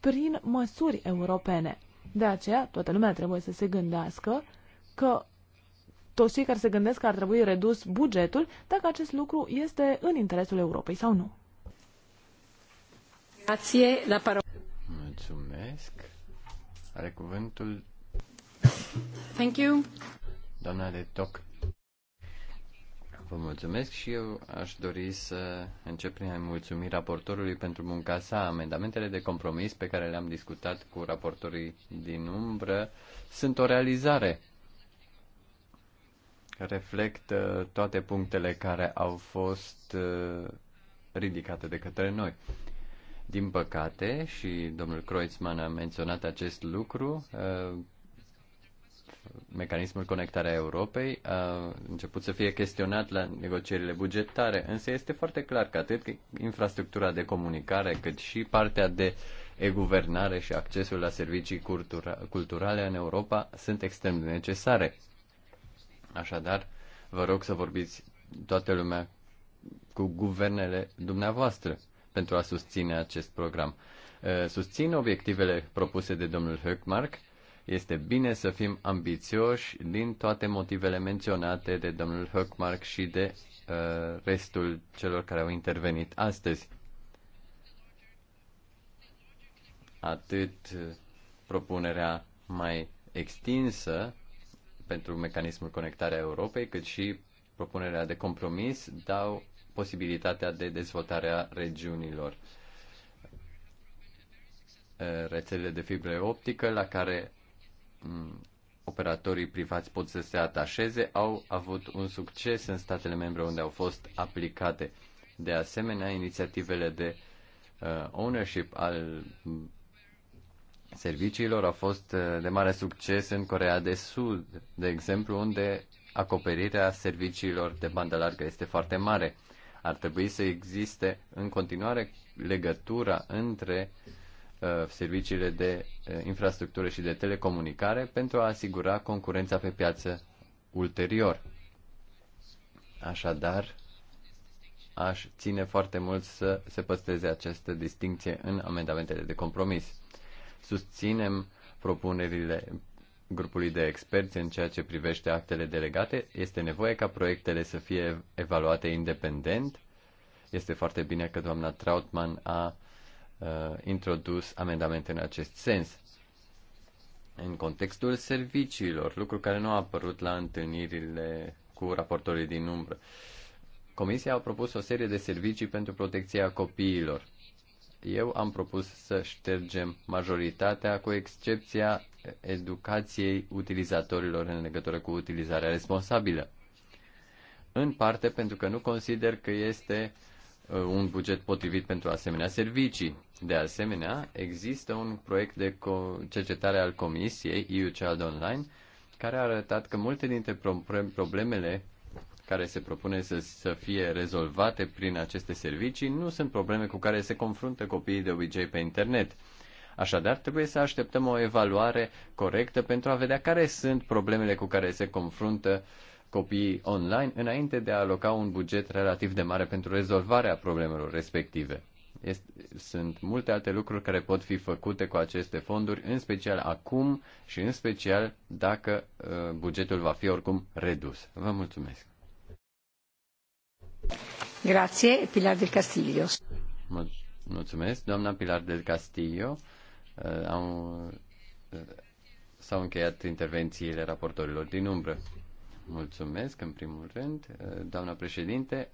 prin măsuri europene. De aceea, toată lumea trebuie să se gândească că toți cei care se gândesc că ar trebui redus bugetul, dacă acest lucru este în interesul Europei sau nu. Mulțumesc. Are cuvântul. Thank you. Doamna de Toc. Vă mulțumesc și eu aș dori să încep prin a mulțumi raportorului pentru munca sa. Amendamentele de compromis pe care le-am discutat cu raportorii din umbră sunt o realizare. Reflectă toate punctele care au fost uh, ridicate de către noi. Din păcate, și domnul Kreutzmann a menționat acest lucru, uh, mecanismul conectarea Europei a început să fie chestionat la negocierile bugetare, însă este foarte clar că atât infrastructura de comunicare, cât și partea de e-guvernare și accesul la servicii cultura- culturale în Europa sunt extrem de necesare. Așadar, vă rog să vorbiți toată lumea cu guvernele dumneavoastră pentru a susține acest program. Susțin obiectivele propuse de domnul Höckmark, este bine să fim ambițioși din toate motivele menționate de domnul Höckmark și de uh, restul celor care au intervenit astăzi. Atât uh, propunerea mai extinsă pentru mecanismul conectarea Europei, cât și propunerea de compromis dau posibilitatea de dezvoltare a regiunilor. Uh, rețelele de fibre optică la care Mm, operatorii privați pot să se atașeze, au avut un succes în statele membre unde au fost aplicate. De asemenea, inițiativele de uh, ownership al mm, serviciilor au fost uh, de mare succes în Corea de Sud, de exemplu, unde acoperirea serviciilor de bandă largă este foarte mare. Ar trebui să existe în continuare legătura între uh, Uh, serviciile de uh, infrastructură și de telecomunicare pentru a asigura concurența pe piață ulterior. Așadar, aș ține foarte mult să se păstreze această distinție în amendamentele de compromis. Susținem propunerile grupului de experți în ceea ce privește actele delegate. Este nevoie ca proiectele să fie evaluate independent. Este foarte bine că doamna Trautmann a Uh, introdus amendamente în acest sens în contextul serviciilor, lucru care nu a apărut la întâlnirile cu raportorii din umbră. Comisia a propus o serie de servicii pentru protecția copiilor. Eu am propus să ștergem majoritatea, cu excepția educației utilizatorilor în legătură cu utilizarea responsabilă. În parte pentru că nu consider că este uh, Uh, un buget potrivit pentru asemenea servicii. De asemenea, există un proiect de cercetare al Comisiei EU Child Online care a arătat că multe dintre problemele care se propune să, să fie rezolvate prin aceste servicii nu sunt probleme cu care se confruntă copiii de obicei pe internet. Așadar, trebuie să așteptăm o evaluare corectă pentru a vedea care sunt problemele cu care se confruntă uh, copiii online înainte de a aloca un buget relativ de mare pentru rezolvarea problemelor respective. Este, sunt multe alte lucruri care pot fi făcute cu aceste fonduri, în special acum și în special dacă uh, bugetul va fi oricum redus. Vă mulțumesc. Grazie, Pilar del Castillo. mulțumesc, doamna Pilar del Castillo. Uh, am, uh, s-au încheiat intervențiile raportorilor din umbră. Mulțumesc, în primul rând, eh, doamna președinte.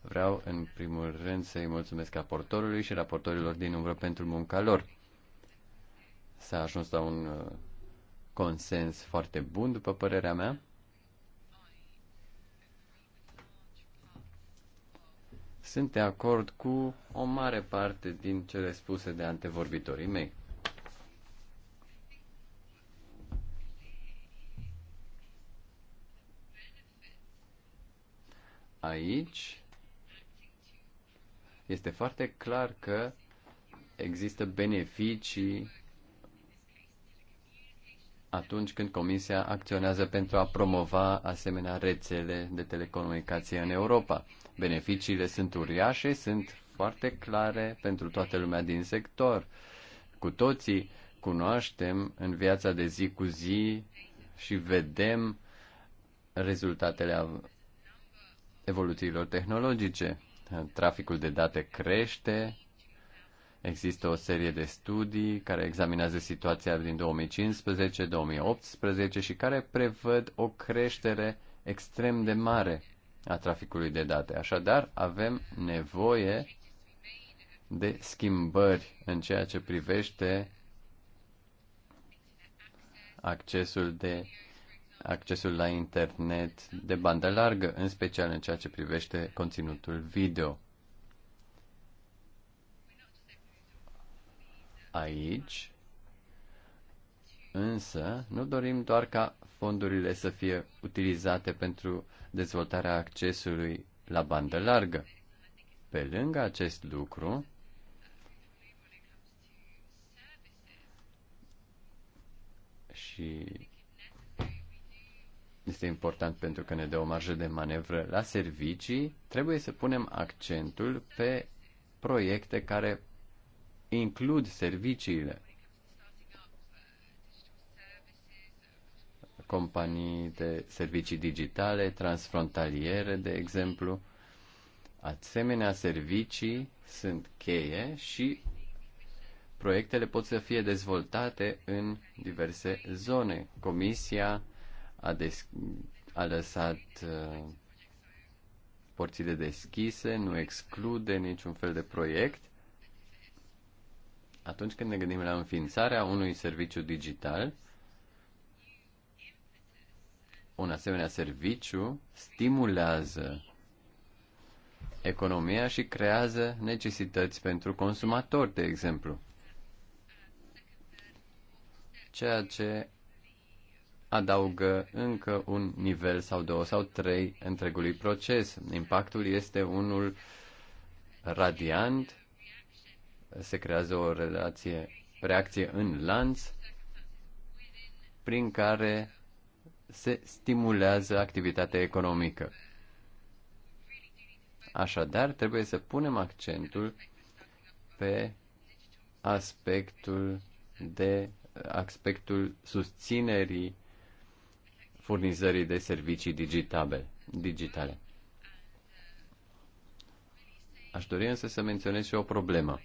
Vreau, în primul rând, să-i mulțumesc raportorului și raportorilor din umbră pentru munca lor. S-a ajuns la un eh, consens foarte bun, după părerea mea. Sunt de acord cu o mare parte din cele spuse de antevorbitorii mei. aici este foarte clar că există beneficii atunci când Comisia acționează pentru a promova asemenea rețele de telecomunicație în Europa. Beneficiile sunt uriașe, sunt foarte clare pentru toată lumea din sector. Cu toții cunoaștem în viața de zi cu zi și vedem rezultatele evoluțiilor tehnologice. Traficul de date crește, există o serie de studii care examinează situația din 2015-2018 și care prevăd o creștere extrem de mare a traficului de date. Așadar, avem nevoie de schimbări în ceea ce privește accesul de accesul la internet de bandă largă, în special în ceea ce privește conținutul video. Aici, însă, nu dorim doar ca fondurile să fie utilizate pentru dezvoltarea accesului la bandă largă. Pe lângă acest lucru, și este important pentru că ne dă o marjă de manevră la servicii, trebuie să punem accentul pe proiecte care includ serviciile. Companii de servicii digitale, transfrontaliere, de exemplu. Asemenea, servicii sunt cheie și proiectele pot să fie dezvoltate în diverse zone. Comisia a, des- a lăsat uh, porțile deschise, nu exclude niciun fel de proiect. Atunci când ne gândim la înființarea unui serviciu digital, un asemenea serviciu stimulează economia și creează necesități pentru consumatori, de exemplu. Ceea ce adaugă încă un nivel sau două sau trei întregului proces. Impactul este unul radiant, se creează o relație, reacție în lanț, prin care se stimulează activitatea economică. Așadar, trebuie să punem accentul pe aspectul de aspectul susținerii furnizării de servicii digitale. digitale. Aș dori însă să menționez și o problemă.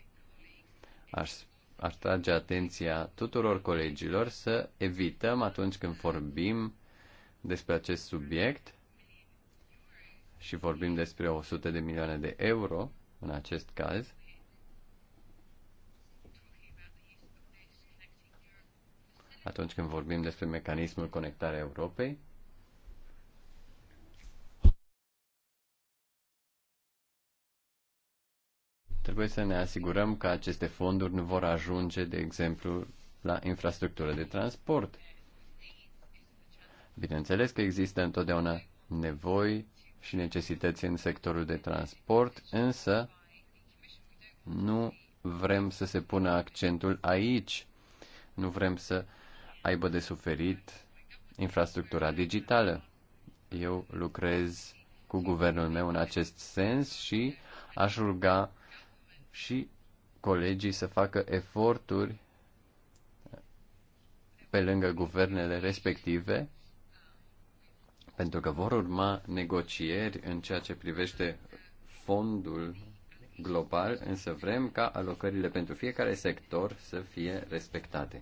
Aș, aș trage atenția tuturor colegilor să evităm atunci când vorbim despre acest subiect și vorbim despre 100 de milioane de euro în acest caz, atunci când vorbim despre mecanismul conectarea Europei. Trebuie să ne asigurăm că aceste fonduri nu vor ajunge, de exemplu, la infrastructură de transport. Bineînțeles că există întotdeauna nevoi și necesități în sectorul de transport, însă nu vrem să se pună accentul aici. Nu vrem să aibă de suferit infrastructura digitală. Eu lucrez cu guvernul meu în acest sens și aș ruga și colegii să facă eforturi pe lângă guvernele respective, pentru că vor urma negocieri în ceea ce privește fondul global, însă vrem ca alocările pentru fiecare sector să fie respectate.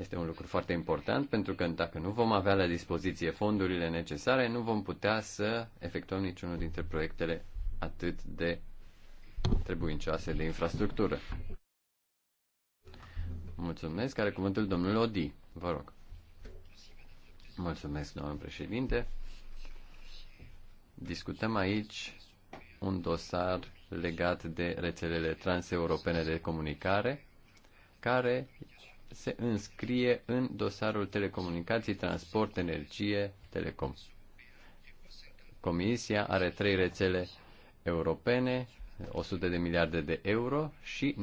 Este un lucru foarte important pentru că dacă nu vom avea la dispoziție fondurile necesare, nu vom putea să efectuăm niciunul dintre proiectele atât de trebuincioase de infrastructură. Mulțumesc. Are cuvântul domnul Odi. Vă rog. Mulțumesc, domnul președinte. Discutăm aici un dosar legat de rețelele transeuropene de comunicare, care se înscrie în dosarul telecomunicații, transport, energie, telecom. Comisia are trei rețele europene, 100 de miliarde de euro și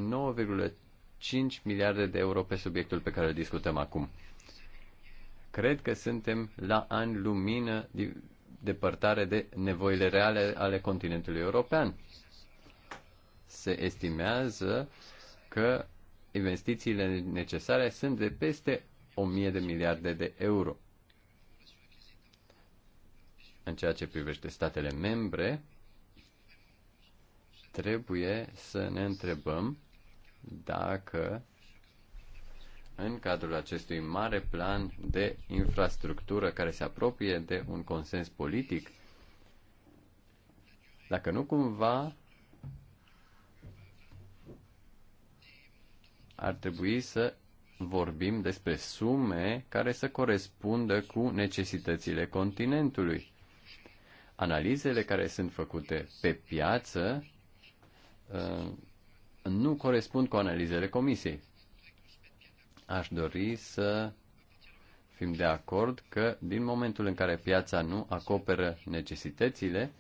9,5 miliarde de euro pe subiectul pe care îl discutăm acum. Cred că suntem la ani lumină depărtare de nevoile reale ale continentului european. Se estimează că investițiile necesare sunt de peste 1000 de miliarde de euro. În ceea ce privește statele membre, trebuie să ne întrebăm dacă în cadrul acestui mare plan de infrastructură care se apropie de un consens politic, dacă nu cumva ar trebui să vorbim despre sume care să corespundă cu necesitățile continentului. Analizele care sunt făcute pe piață uh, nu corespund cu analizele comisiei. Aș dori să fim de acord că din momentul în care piața nu acoperă necesitățile,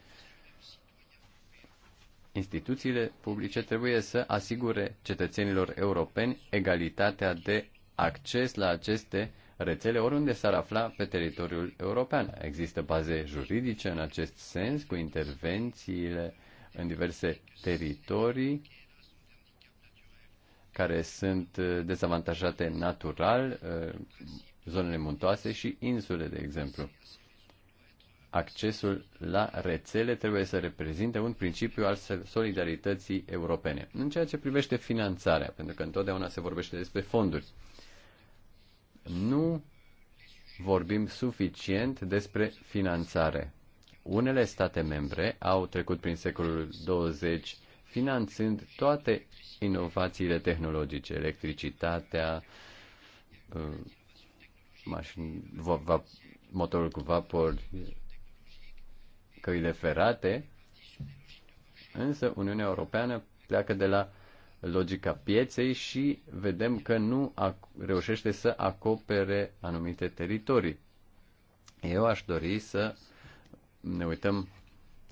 Instituțiile publice trebuie să asigure cetățenilor europeni egalitatea de acces la aceste rețele oriunde s-ar afla pe teritoriul european. Există baze juridice în acest sens cu intervențiile în diverse teritorii care sunt uh, dezavantajate natural, uh, zonele muntoase și insule, de exemplu accesul la rețele trebuie să reprezinte un principiu al solidarității europene. În ceea ce privește finanțarea, pentru că întotdeauna se vorbește despre fonduri, nu vorbim suficient despre finanțare. Unele state membre au trecut prin secolul 20 finanțând toate inovațiile tehnologice, electricitatea, uh, mașini, motorul cu vapor, căile ferate, însă Uniunea Europeană pleacă de la logica pieței și vedem că nu reușește să acopere anumite teritorii. Eu aș dori să ne uităm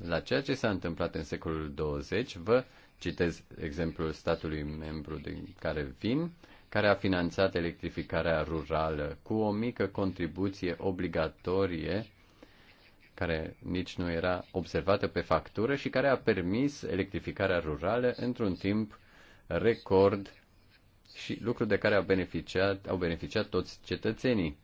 la ceea ce s-a întâmplat în secolul 20. Vă citez exemplul statului membru din care vin, care a finanțat electrificarea rurală cu o mică contribuție obligatorie care nici nu era observată pe factură și care a permis electrificarea rurală într-un timp record și lucru de care au beneficiat, au beneficiat toți cetățenii.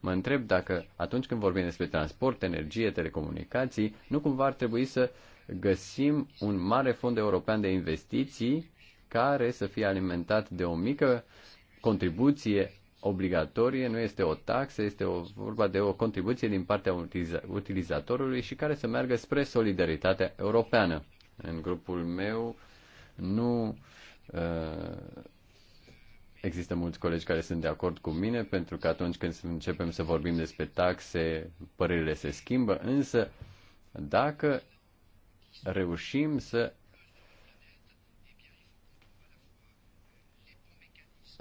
Mă întreb dacă atunci când vorbim despre transport, energie, telecomunicații, nu cumva ar trebui să găsim un mare fond european de investiții care să fie alimentat de o mică contribuție obligatorie, nu este o taxă, este o, vorba de o contribuție din partea utiliza, utilizatorului și care să meargă spre solidaritatea europeană. În grupul meu nu uh, există mulți colegi care sunt de acord cu mine, pentru că atunci când începem să vorbim despre taxe, părerile se schimbă, însă dacă reușim să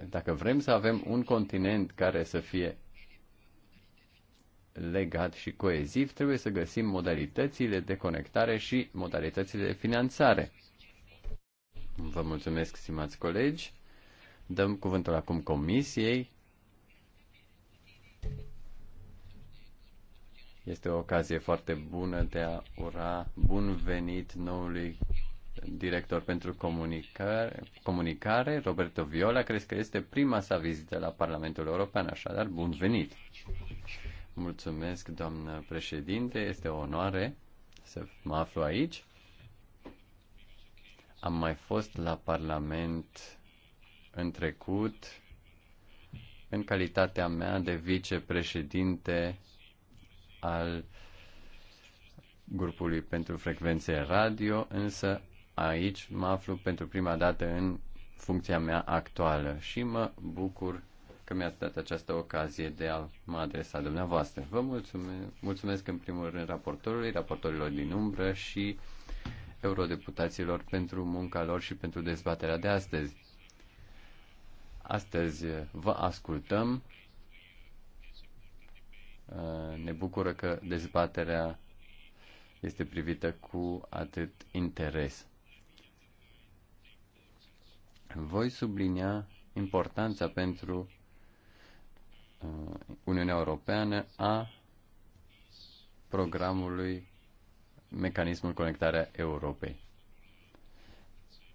Dacă vrem să avem un continent care să fie legat și coeziv, trebuie să găsim modalitățile de conectare și modalitățile de finanțare. Vă mulțumesc, stimați colegi. Dăm cuvântul acum comisiei. Este o ocazie foarte bună de a ura bun venit noului director pentru comunicare, comunicare, Roberto Viola, cred că este prima sa vizită la Parlamentul European, așadar bun venit! Mulțumesc, doamnă președinte, este o onoare să mă aflu aici. Am mai fost la Parlament în trecut în calitatea mea de vicepreședinte al grupului pentru frecvențe radio, însă aici, mă aflu pentru prima dată în funcția mea actuală și mă bucur că mi-ați dat această ocazie de a mă adresa dumneavoastră. Vă mulțumesc, mulțumesc în primul rând raportorului, raportorilor din umbră și eurodeputaților pentru munca lor și pentru dezbaterea de astăzi. Astăzi vă ascultăm. Ne bucură că dezbaterea este privită cu atât interes voi sublinia importanța pentru uh, Uniunea Europeană a programului Mecanismul Conectarea Europei.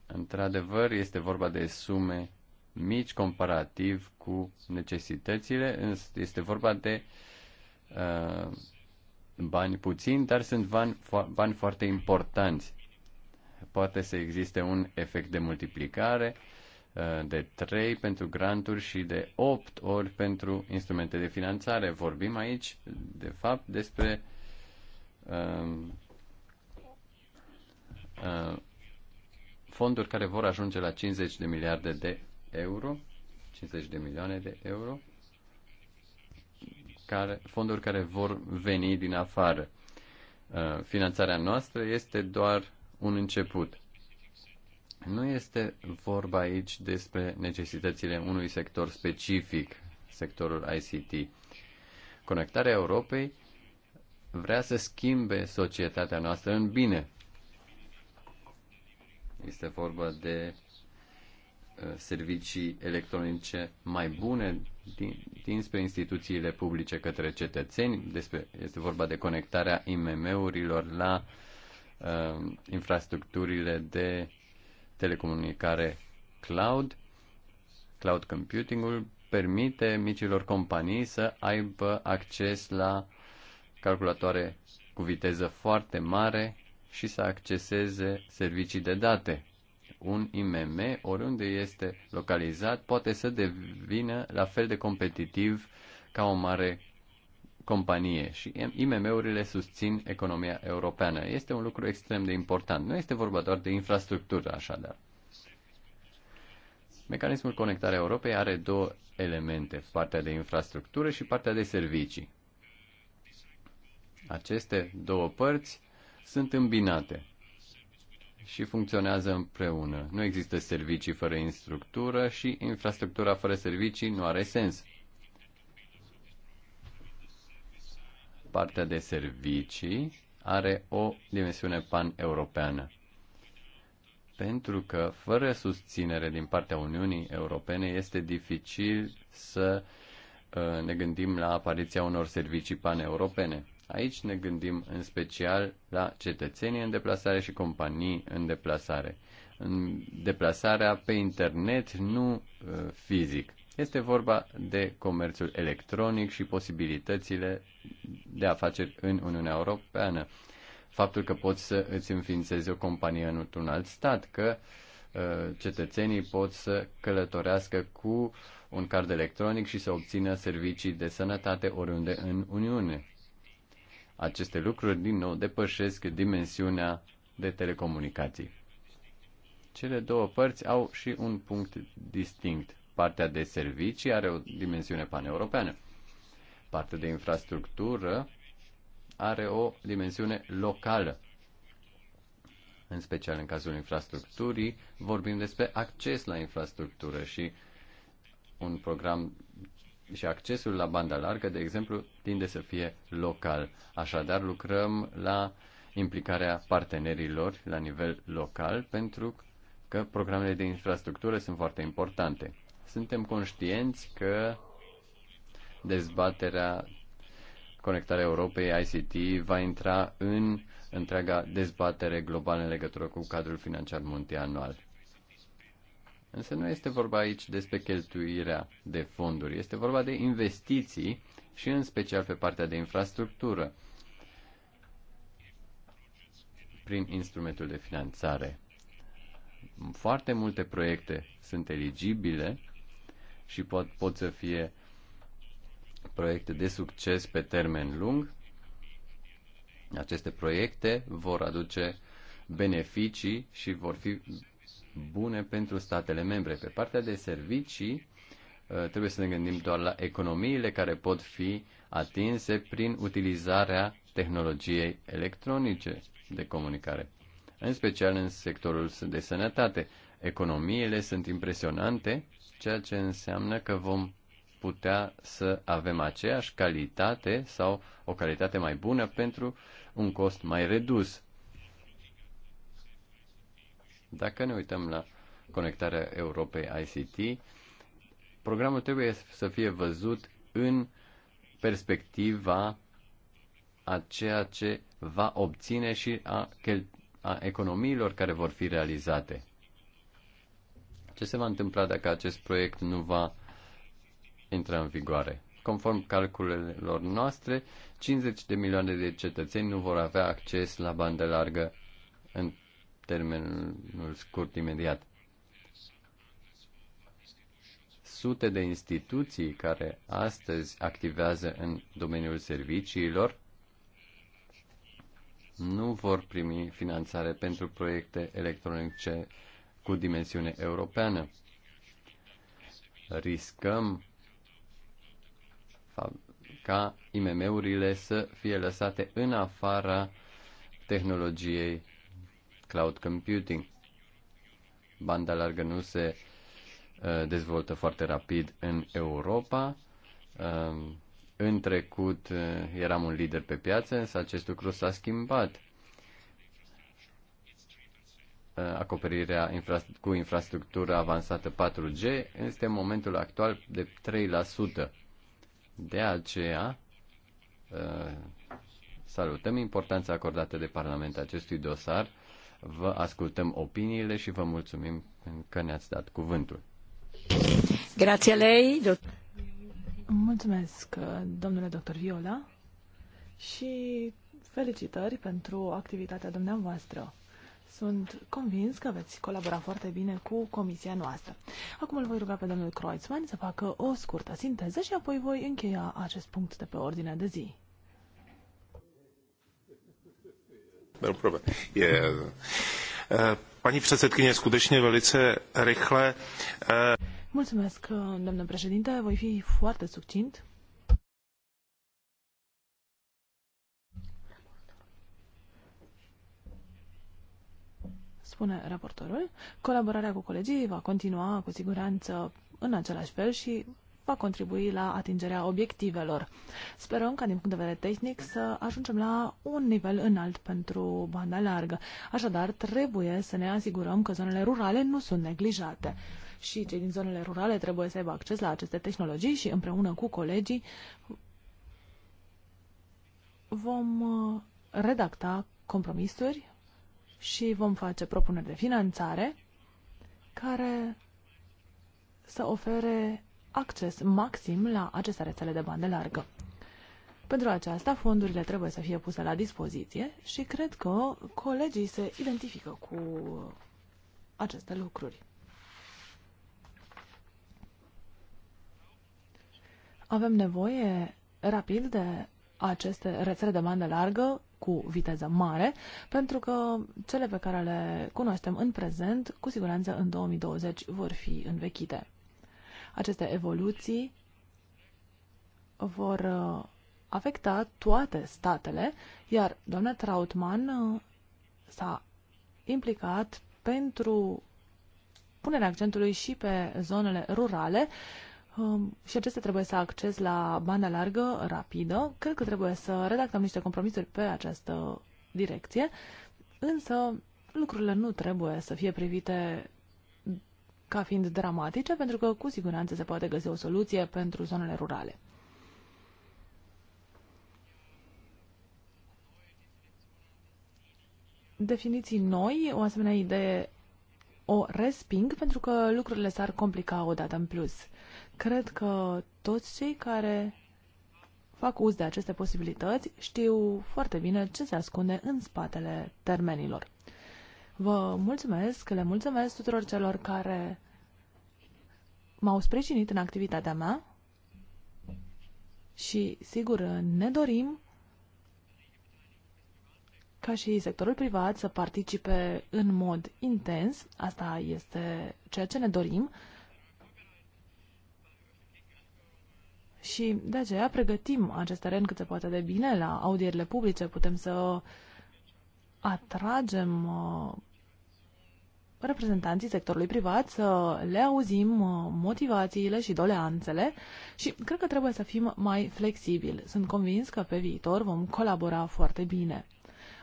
Într-adevăr, este vorba de sume mici comparativ cu necesitățile, este vorba de uh, bani puțini, dar sunt bani, bani foarte importanți poate să existe un efect de multiplicare uh, de 3 pentru granturi și de 8 ori pentru instrumente de finanțare. Vorbim aici, de fapt, despre um, uh, fonduri care vor ajunge la 50 de miliarde de euro, 50 de milioane de euro, care, fonduri care vor veni din afară. Uh, finanțarea noastră este doar un început. Nu este vorba aici despre necesitățile unui sector specific, sectorul ICT. Conectarea Europei vrea să schimbe societatea noastră în bine. Este vorba de uh, servicii electronice mai bune din, dinspre instituțiile publice către cetățeni. Despre, este vorba de conectarea IMM-urilor la uh, uh, infrastructurile de telecomunicare cloud. Cloud computing-ul permite micilor companii să aibă acces la calculatoare cu viteză foarte mare și să acceseze servicii de date. Un IMM, oriunde este localizat, poate să devină la fel de competitiv ca o mare companie și IMM-urile susțin economia europeană. Este un lucru extrem de important. Nu este vorba doar de infrastructură, așadar. Mecanismul Conectarea Europei are două elemente, partea de infrastructură și partea de servicii. Aceste două părți sunt îmbinate și funcționează împreună. Nu există servicii fără infrastructură și infrastructura fără servicii nu are sens. partea de servicii are o dimensiune pan-europeană. Pentru că, fără susținere din partea Uniunii Europene, este dificil să uh, ne gândim la apariția unor servicii pan-europene. Aici ne gândim în special la cetățenii în deplasare și companii în deplasare. În deplasarea pe internet, nu uh, fizic. Este vorba de comerțul electronic și posibilitățile de afaceri în Uniunea Europeană. Faptul că poți să îți înființezi o companie în un alt stat, că uh, cetățenii pot să călătorească cu un card electronic și să obțină servicii de sănătate oriunde în Uniune. Aceste lucruri, din nou, depășesc dimensiunea de telecomunicații. Cele două părți au și un punct distinct Partea de servicii are o dimensiune paneuropeană. Partea de infrastructură are o dimensiune locală. În special în cazul infrastructurii, vorbim despre acces la infrastructură și un program și accesul la banda largă, de exemplu, tinde să fie local. Așadar, lucrăm la implicarea partenerilor la nivel local pentru că programele de infrastructură sunt foarte importante. Suntem conștienți că dezbaterea Conectarea Europei ICT va intra în întreaga dezbatere globală în legătură cu cadrul financiar multianual. Însă nu este vorba aici despre cheltuirea de fonduri, este vorba de investiții și în special pe partea de infrastructură prin instrumentul de finanțare. Foarte multe proiecte sunt eligibile și pot, pot să fie proiecte de succes pe termen lung. Aceste proiecte vor aduce beneficii și vor fi bune pentru statele membre. Pe partea de servicii, ă, trebuie să ne gândim doar la economiile care pot fi atinse prin utilizarea tehnologiei electronice de comunicare, în special în sectorul de sănătate. Economiile sunt impresionante, ceea ce înseamnă că vom putea să avem aceeași calitate sau o calitate mai bună pentru un cost mai redus. Dacă ne uităm la conectarea Europei ICT, programul trebuie să fie văzut în perspectiva a ceea ce va obține și a, a economiilor care vor fi realizate. Ce se va întâmpla dacă acest proiect nu va intra în vigoare? Conform calculelor noastre, 50 de milioane de cetățeni nu vor avea acces la bandă largă în termenul scurt imediat. Sute de instituții care astăzi activează în domeniul serviciilor nu vor primi finanțare pentru proiecte electronice cu dimensiune europeană. Riscăm ca IMM-urile să fie lăsate în afara tehnologiei cloud computing. Banda largă nu se uh, dezvoltă foarte rapid în Europa. Um, în trecut uh, eram un lider pe piață, însă acest lucru s-a schimbat. Uh, acoperirea infra- cu infrastructură avansată 4G este în momentul actual de 3%. De aceea uh, salutăm importanța acordată de Parlament acestui dosar, vă ascultăm opiniile și vă mulțumim că ne-ați dat cuvântul. Grație lei. Mulțumesc, uh, domnule doctor Viola, și felicitări pentru activitatea dumneavoastră. Sunt convins că veți colabora foarte bine cu comisia noastră. Acum îl voi ruga pe domnul Kreuzmann să facă o scurtă sinteză și apoi voi încheia acest punct de pe ordinea de zi. Beru probę. Je. Eh, Pani předsedkyně, skutečně velice rychle. Eh. Mulțumesc, eh, domnule președinte, voi fi foarte succint. spune raportorul. Colaborarea cu colegii va continua cu siguranță în același fel și va contribui la atingerea obiectivelor. Sperăm ca din punct de vedere tehnic să ajungem la un nivel înalt pentru banda largă. Așadar, trebuie să ne asigurăm că zonele rurale nu sunt neglijate. Și cei din zonele rurale trebuie să aibă acces la aceste tehnologii și împreună cu colegii vom uh, redacta compromisuri și vom face propuneri de finanțare care să ofere acces maxim la aceste rețele de bandă largă. Pentru aceasta, fondurile trebuie să fie puse la dispoziție și cred că colegii se identifică cu aceste lucruri. Avem nevoie rapid de aceste rețele de bandă largă cu viteză mare, pentru că cele pe care le cunoaștem în prezent, cu siguranță în 2020 vor fi învechite. Aceste evoluții vor uh, afecta toate statele, iar doamna Trautmann uh, s-a implicat pentru punerea accentului și pe zonele rurale Um, și acestea trebuie să acces la bandă largă, rapidă. Cred că trebuie să redactăm niște compromisuri pe această direcție, însă lucrurile nu trebuie să fie privite ca fiind dramatice, pentru că cu siguranță se poate găsi o soluție pentru zonele rurale. Definiții noi, o asemenea idee o resping pentru că lucrurile s-ar complica odată în plus. Cred că toți cei care fac uz de aceste posibilități știu foarte bine ce se ascunde în spatele termenilor. Vă mulțumesc, le mulțumesc tuturor celor care m-au sprijinit în activitatea mea și, sigur, ne dorim ca și sectorul privat să participe în mod intens, asta este ceea ce ne dorim, Și de aceea pregătim acest teren cât se poate de bine la audierile publice. Putem să atragem uh, reprezentanții sectorului privat să le auzim uh, motivațiile și doleanțele și cred că trebuie să fim mai flexibili. Sunt convins că pe viitor vom colabora foarte bine.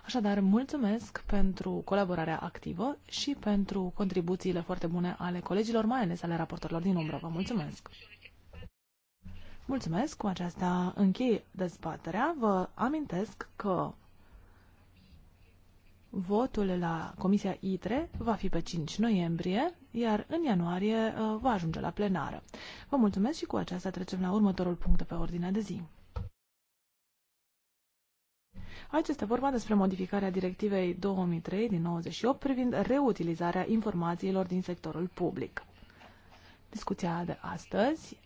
Așadar, mulțumesc pentru colaborarea activă și pentru contribuțiile foarte bune ale colegilor, mai ales ale raportorilor din umbră. Vă mulțumesc! Mulțumesc, cu aceasta închei dezbaterea. Vă amintesc că votul la Comisia ITRE va fi pe 5 noiembrie, iar în ianuarie uh, va ajunge la plenară. Vă mulțumesc și cu aceasta trecem la următorul punct pe ordinea de zi. Aici este vorba despre modificarea directivei 2003 din 98 privind reutilizarea informațiilor din sectorul public. Discuția de astăzi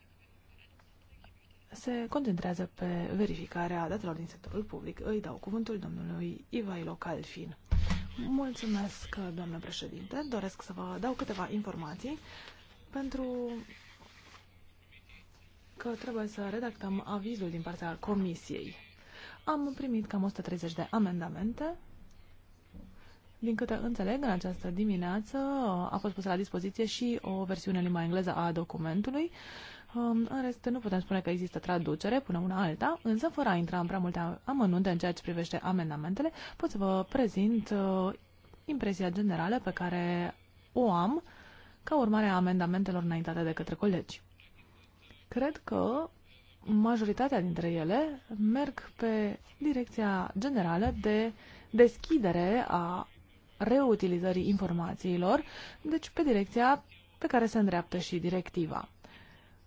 se concentrează pe verificarea datelor din sectorul public. Îi dau cuvântul domnului Ivailo Calfin. Mulțumesc, doamnă președinte. Doresc să vă dau câteva informații pentru că trebuie să redactăm avizul din partea comisiei. Am primit cam 130 de amendamente. Din câte înțeleg, în această dimineață a fost pusă la dispoziție și o versiune în limba engleză a documentului. Uh, Um, în rest, nu putem spune că există traducere până una alta, însă, fără a intra în prea multe amănunte în ceea ce privește amendamentele, pot să vă prezint uh, impresia generală pe care o am ca urmare a amendamentelor înaintate de către colegi. Cred că majoritatea dintre ele merg pe direcția generală de deschidere a reutilizării informațiilor, deci pe direcția pe care se îndreaptă și directiva.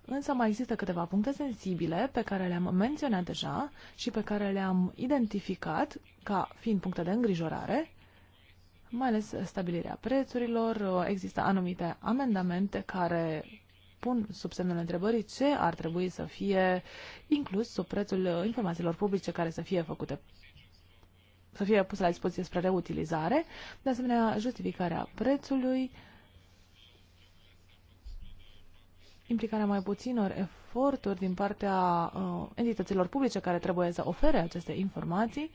Însă mai există câteva puncte sensibile pe care le-am menționat deja și pe care le-am identificat ca fiind puncte de îngrijorare, mai ales stabilirea prețurilor. Există anumite amendamente care pun sub semnul întrebării ce ar trebui să fie inclus sub prețul informațiilor publice care să fie făcute să fie pusă la dispoziție spre reutilizare, de asemenea justificarea prețului, uh, implicarea mai puținor eforturi din partea uh, entităților publice care trebuie să ofere aceste informații.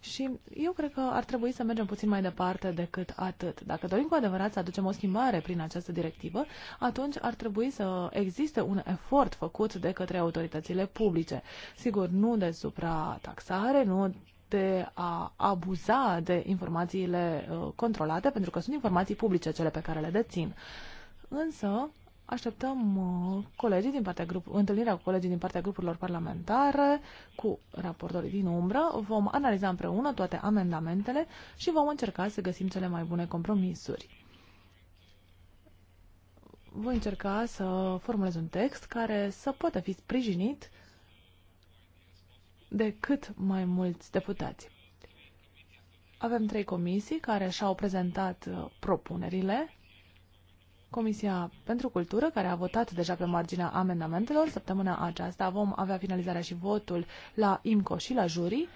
Și eu cred că ar trebui să mergem puțin mai departe decât atât. Dacă dorim cu adevărat să aducem o schimbare prin această directivă, atunci ar trebui să existe un efort făcut de către autoritățile publice. Sigur, nu de suprataxare, nu de a abuza de informațiile uh, controlate, pentru că sunt informații publice cele pe care le dețin. Uh, însă așteptăm uh, colegii din partea grup, întâlnirea cu colegii din partea grupurilor parlamentare, cu raportorii din umbră. Vom analiza împreună toate amendamentele și vom încerca să găsim cele mai bune compromisuri. Voi încerca să formulez un text care să poată fi sprijinit de cât mai mulți deputați. Avem trei comisii care și-au prezentat uh, propunerile Comisia pentru Cultură, care a votat deja pe marginea amendamentelor. Săptămâna aceasta vom avea finalizarea și votul la IMCO și la jurii.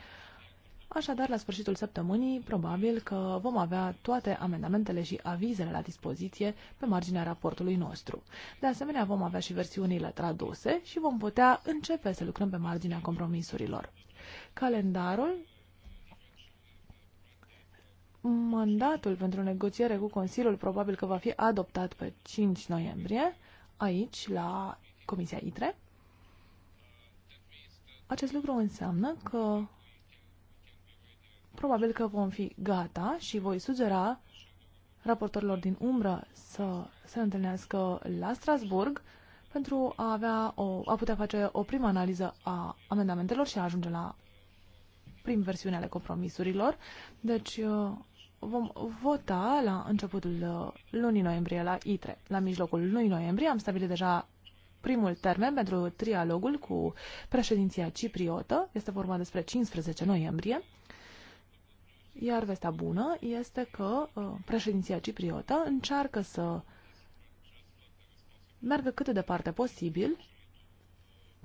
Așadar, la sfârșitul săptămânii, probabil că vom avea toate amendamentele și avizele la dispoziție pe marginea raportului nostru. De asemenea, vom avea și versiunile traduse și vom putea începe să lucrăm pe marginea compromisurilor. Calendarul mandatul pentru negociere cu Consiliul probabil că va fi adoptat pe 5 noiembrie, aici, la Comisia ITRE. Acest lucru înseamnă că probabil că vom fi gata și voi sugera raportorilor din umbră să se întâlnească la Strasburg pentru a, avea o, a putea face o primă analiză a amendamentelor și a ajunge la prim versiunea ale compromisurilor. Deci uh, vom vota la începutul uh, lunii noiembrie la ITRE. La mijlocul lunii noiembrie am stabilit deja primul termen pentru trialogul cu președinția cipriotă. Este vorba despre 15 noiembrie. Iar vestea bună este că uh, președinția cipriotă încearcă să meargă cât de departe posibil,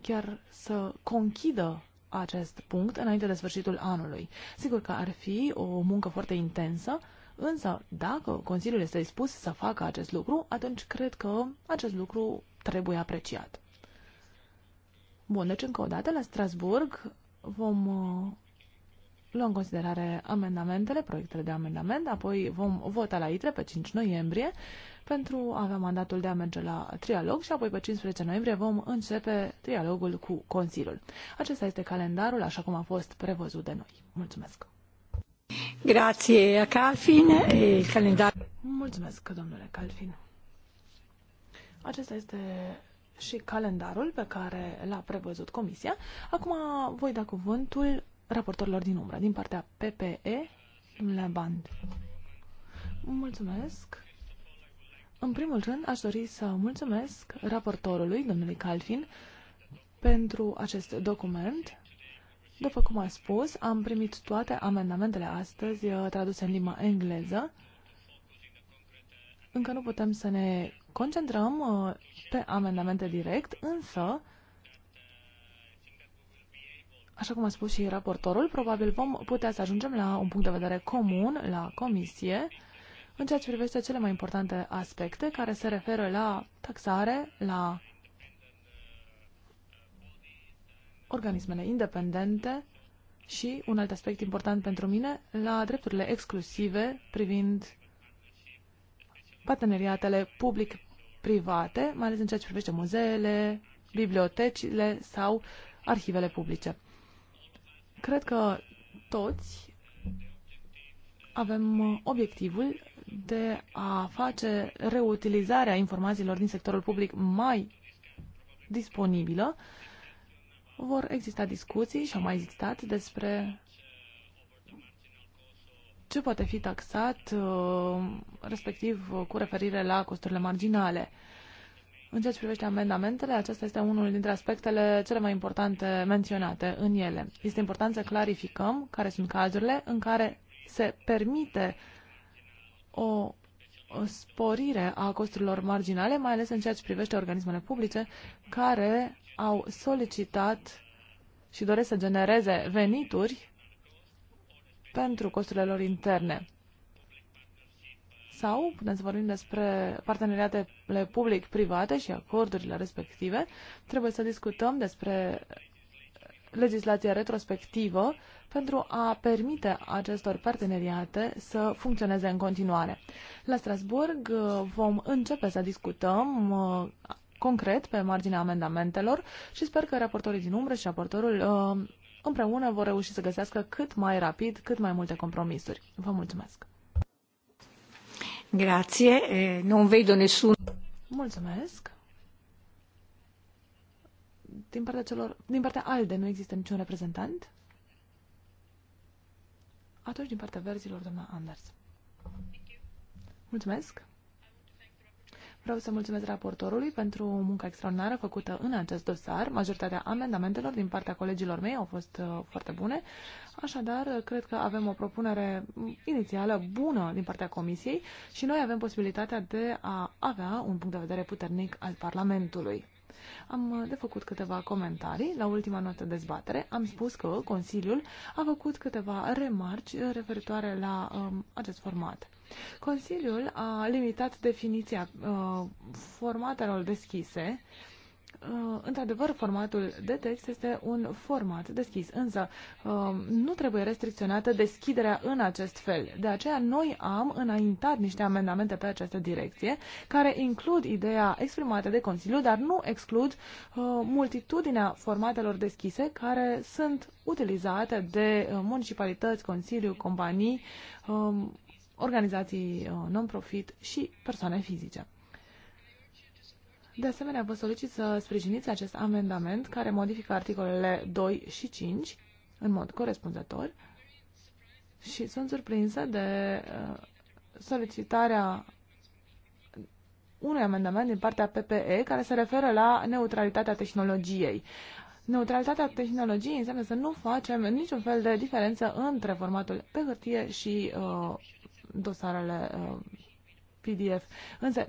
chiar să conchidă acest punct înainte de sfârșitul anului. Sigur că ar fi o muncă foarte intensă, însă dacă Consiliul este dispus să facă acest lucru, atunci cred că acest lucru trebuie apreciat. Bun, deci încă o dată la Strasburg vom uh, luăm în considerare amendamentele, proiectele de amendament, apoi vom vota la ITRE pe 5 noiembrie pentru a avea mandatul de a merge la trialog și apoi pe 15 noiembrie vom începe trialogul cu Consiliul. Acesta este calendarul așa cum a fost prevăzut de noi. Mulțumesc! Grazie, Calfin. Calendar... Mulțumesc, domnule Calfin. Acesta este și calendarul pe care l-a prevăzut Comisia. Acum voi da cuvântul raportorilor din umbră, din partea PPE, domnule Band. Mulțumesc. În primul rând, aș dori să mulțumesc raportorului, domnului Calfin, pentru acest document. După cum a spus, am primit toate amendamentele astăzi uh, traduse în limba engleză. Încă nu putem să ne concentrăm uh, pe amendamente direct, însă Așa cum a spus și raportorul, probabil vom putea să ajungem la un punct de vedere comun la comisie în ceea ce privește cele mai importante aspecte care se referă la taxare, la organismele independente și un alt aspect important pentru mine, la drepturile exclusive privind parteneriatele public-private, mai ales în ceea ce privește muzeele, bibliotecile sau arhivele publice. Cred că toți avem uh, obiectivul de a face reutilizarea informațiilor din sectorul public mai disponibilă. Vor exista discuții și au mai existat despre ce poate fi taxat, uh, respectiv uh, cu referire la costurile marginale. În ceea ce privește amendamentele, acesta este unul dintre aspectele cele mai importante menționate în ele. Este important să clarificăm care sunt cazurile în care se permite o sporire a costurilor marginale, mai ales în ceea ce privește organismele publice care au solicitat și doresc să genereze venituri pentru costurile lor interne sau putem să vorbim despre parteneriatele public-private și acordurile respective. Trebuie să discutăm despre legislația retrospectivă pentru a permite acestor parteneriate să funcționeze în continuare. La Strasburg uh, vom începe să discutăm uh, concret pe marginea amendamentelor și sper că raportorii din umbră și raportorul uh, împreună vor reuși să găsească cât mai rapid, cât mai multe compromisuri. Vă mulțumesc! Grazie, eh, non vedo nessun... Mulțumesc. Din partea celor, din partea ALDE nu există niciun reprezentant? Atunci din partea verzilor, doamna Anders. Mulțumesc. Vreau să mulțumesc raportorului pentru munca extraordinară făcută în acest dosar. Majoritatea amendamentelor din partea colegilor mei au fost uh, foarte bune. Așadar, cred că avem o propunere inițială bună din partea Comisiei și noi avem posibilitatea de a avea un punct de vedere puternic al Parlamentului. Am uh, de făcut câteva comentarii. La ultima noastră dezbatere am spus că Consiliul a făcut câteva remarci uh, referitoare la um, acest format. Consiliul a limitat definiția uh, formatelor deschise Uh, într-adevăr, formatul de text este un format deschis, însă uh, nu trebuie restricționată deschiderea în acest fel. De aceea, noi am înaintat niște amendamente pe această direcție, care includ ideea exprimată de Consiliu, dar nu exclud uh, multitudinea formatelor deschise care sunt utilizate de municipalități, consiliu, companii, um, organizații non-profit și persoane fizice. De asemenea, vă solicit să sprijiniți acest amendament care modifică articolele 2 și 5 în mod corespunzător și sunt surprinsă de uh, solicitarea unui amendament din partea PPE care se referă la neutralitatea tehnologiei. Neutralitatea tehnologiei înseamnă să nu facem niciun fel de diferență între formatul pe hârtie și uh, dosarele uh, PDF. Însă,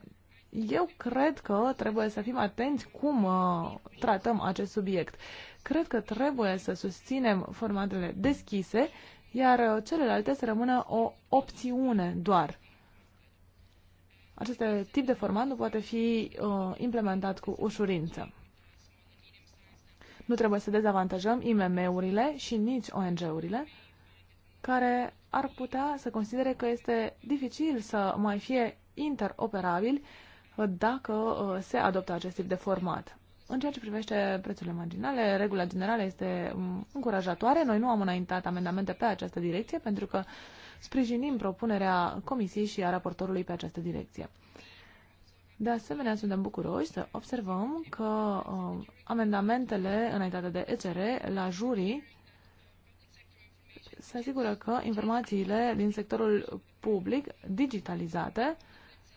eu cred că trebuie să fim atenți cum uh, tratăm acest subiect. Cred că trebuie să susținem formatele deschise, iar uh, celelalte să rămână o opțiune doar. Acest tip de format nu poate fi uh, implementat cu ușurință. Nu trebuie să dezavantajăm IMM-urile și nici ONG-urile care ar putea să considere că este dificil să mai fie uh, dacă uh, se adoptă acest tip de format. În ceea ce privește prețurile marginale, regula generală este um, încurajatoare. Noi nu am înaintat amendamente pe această direcție pentru că sprijinim propunerea comisiei și a raportorului pe această direcție. De asemenea, suntem bucuroși să observăm că uh, amendamentele înaintate de ECR la jurii se asigură că informațiile din sectorul public digitalizate uh,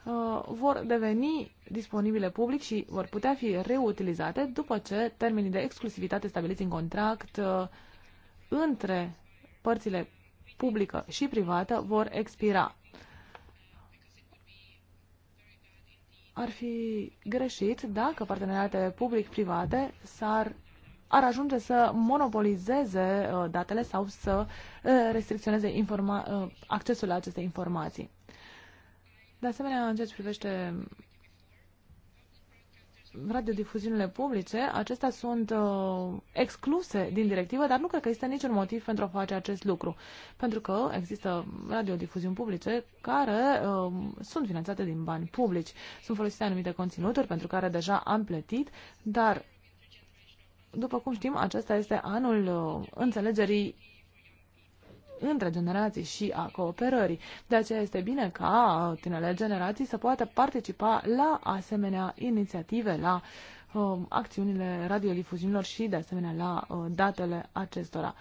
Uh, vor deveni disponibile public și vor putea fi reutilizate după ce termenii de exclusivitate stabiliți în contract uh, între părțile publică și privată vor expira. Ar fi greșit dacă parteneriate public-private s-ar ar ajunge să monopolizeze uh, datele sau să restricționeze accesul la aceste informații. De asemenea, în ceea ce privește radiodifuziunile publice, acestea sunt uh, excluse din directivă, dar nu cred că există niciun motiv pentru a face acest lucru. Pentru că există radiodifuziuni publice care uh, sunt finanțate din bani publici. Sunt folosite anumite conținuturi pentru care deja am plătit, dar, după cum știm, acesta este anul uh, înțelegerii între generații și a cooperării. De aceea este bine ca tinele generații să poată participa la asemenea inițiative, la uh, acțiunile radiodifuziunilor și de asemenea la uh, datele acestora.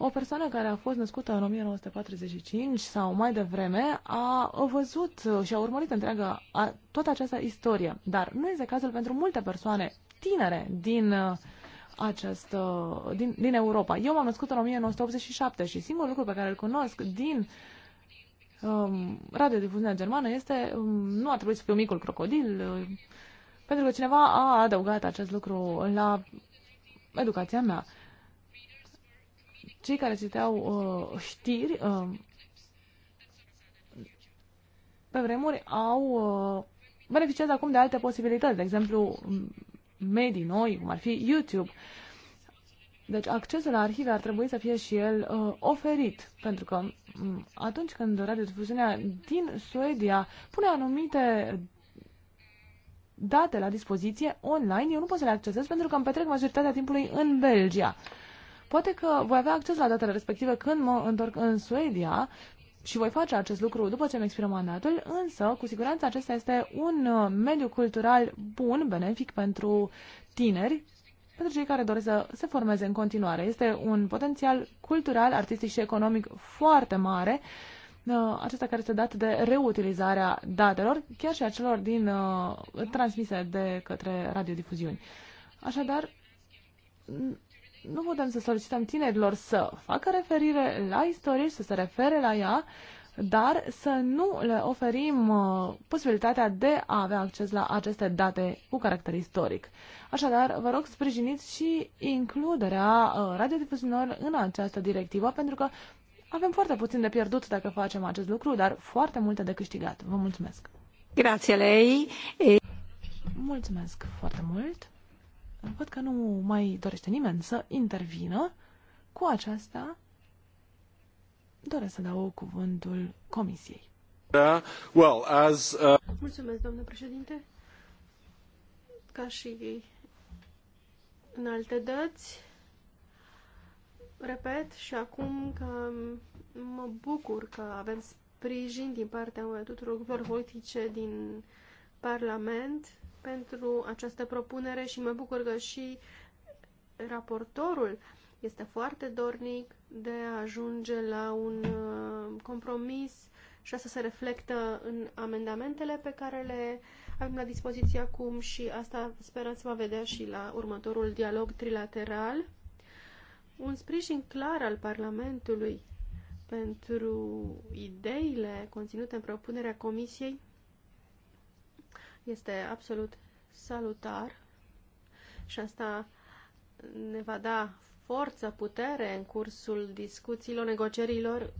O persoană care a fost născută în 1945 sau mai devreme a văzut și a urmărit întreaga toată această istorie, dar nu este cazul pentru multe persoane tinere din uh, această, din, din Europa. Eu m-am născut în 1987 și singurul lucru pe care îl cunosc din um, radiodifuzia germană este um, nu a trebuit să fiu micul crocodil, uh, pentru că cineva a adăugat acest lucru la educația mea. Cei care citeau uh, știri uh, pe vremuri au uh, beneficiază acum de alte posibilități, de exemplu medii noi, cum ar fi YouTube. Deci accesul la arhive ar trebui să fie și el uh, oferit, pentru că um, atunci când radiodifuziunea din Suedia pune anumite date la dispoziție online, eu nu pot să le accesez pentru că îmi petrec majoritatea timpului în Belgia. Poate că voi avea acces la datele respective când mă întorc în Suedia și voi face acest lucru după ce îmi expiră mandatul, însă, cu siguranță, acesta este un uh, mediu cultural bun, benefic pentru tineri, pentru cei care doresc să se formeze în continuare. Este un potențial cultural, artistic și economic foarte mare, uh, acesta care este dat de reutilizarea datelor, chiar și a celor din, uh, transmise de către radiodifuziuni. Așadar, nu putem să solicităm tinerilor să facă referire la istorie și să se refere la ea, dar să nu le oferim uh, posibilitatea de a avea acces la aceste date cu caracter istoric. Așadar, vă rog sprijiniți și includerea uh, radiodifuzionilor în această directivă, pentru că avem foarte puțin de pierdut dacă facem acest lucru, dar foarte multe de câștigat. Vă mulțumesc! Grație lei! Mulțumesc foarte mult! Văd că nu mai dorește nimeni să intervină. Cu aceasta doresc să dau cuvântul Comisiei. Uh, well, as, uh... Mulțumesc, doamnă președinte. Ca și în alte dăți, repet și acum că mă bucur că avem sprijin din partea tuturor grupurilor politice din Parlament pentru această propunere și mă bucur că și raportorul este foarte dornic de a ajunge la un uh, compromis și asta se reflectă în amendamentele pe care le avem la dispoziție acum și asta sperăm să va vedea și la următorul dialog trilateral. Un sprijin clar al Parlamentului pentru ideile conținute în propunerea Comisiei este absolut salutar și asta ne va da forță, putere în cursul discuțiilor, negocierilor.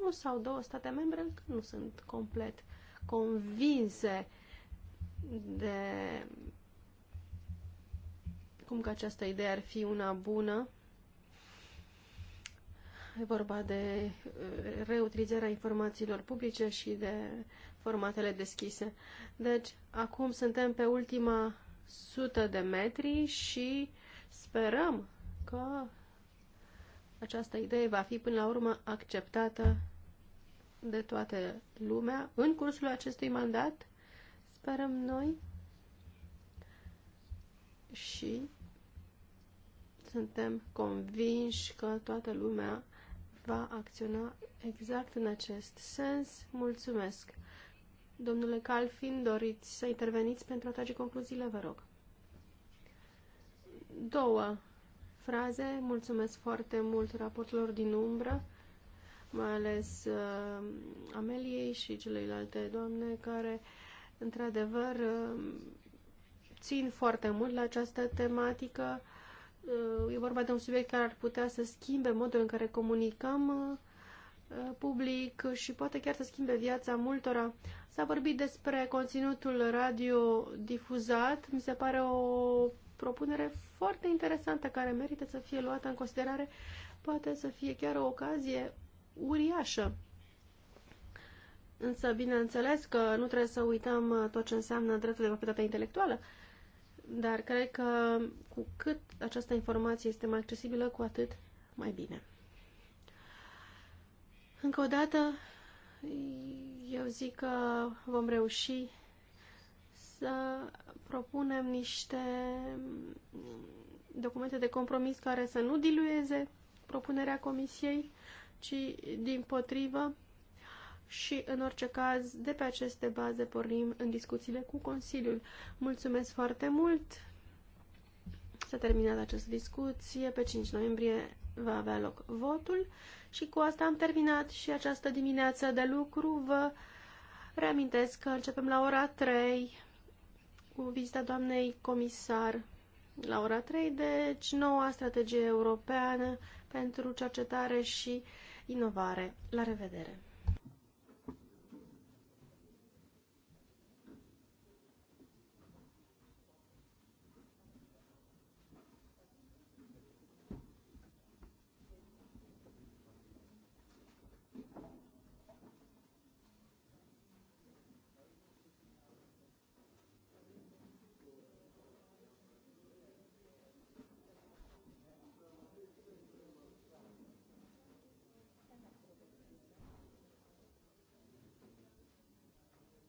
Unu sau două state membre încă nu sunt complet convinse de cum că această idee ar fi una bună. E vorba de uh, reutilizarea informațiilor publice și de formatele deschise. Deci, acum suntem pe ultima sută de metri și sperăm că această idee va fi până la urmă acceptată de toată lumea în cursul acestui mandat, sperăm noi. Și suntem convinși că toată lumea va acționa exact în acest sens. Mulțumesc! Domnule Calfin, doriți să interveniți pentru a trage concluziile, vă rog. Două fraze. Mulțumesc foarte mult raportelor din umbră, mai ales uh, Ameliei și celelalte doamne care, într-adevăr, uh, țin foarte mult la această tematică. Uh, e vorba de un subiect care ar putea să schimbe modul în care comunicăm uh, Uh, public și poate chiar să schimbe viața multora. S-a vorbit despre conținutul radio difuzat. Mi se pare o propunere foarte interesantă care merită să fie luată în considerare. Poate să fie chiar o ocazie uriașă. Însă, bineînțeles că nu trebuie să uităm uh, tot ce înseamnă dreptul de proprietate intelectuală, dar cred că cu cât această informație este mai accesibilă, cu atât mai bine. Încă o dată, eu zic că vom reuși să propunem niște documente de compromis care să nu dilueze propunerea comisiei, ci din potrivă și, în orice caz, de pe aceste baze pornim în discuțiile cu Consiliul. Mulțumesc foarte mult! S-a terminat această discuție. Pe 5 noiembrie va avea loc votul și cu asta am terminat și această dimineață de lucru. Vă reamintesc că începem la ora 3 cu vizita doamnei comisar la ora 3, deci noua strategie europeană pentru cercetare și inovare. La revedere!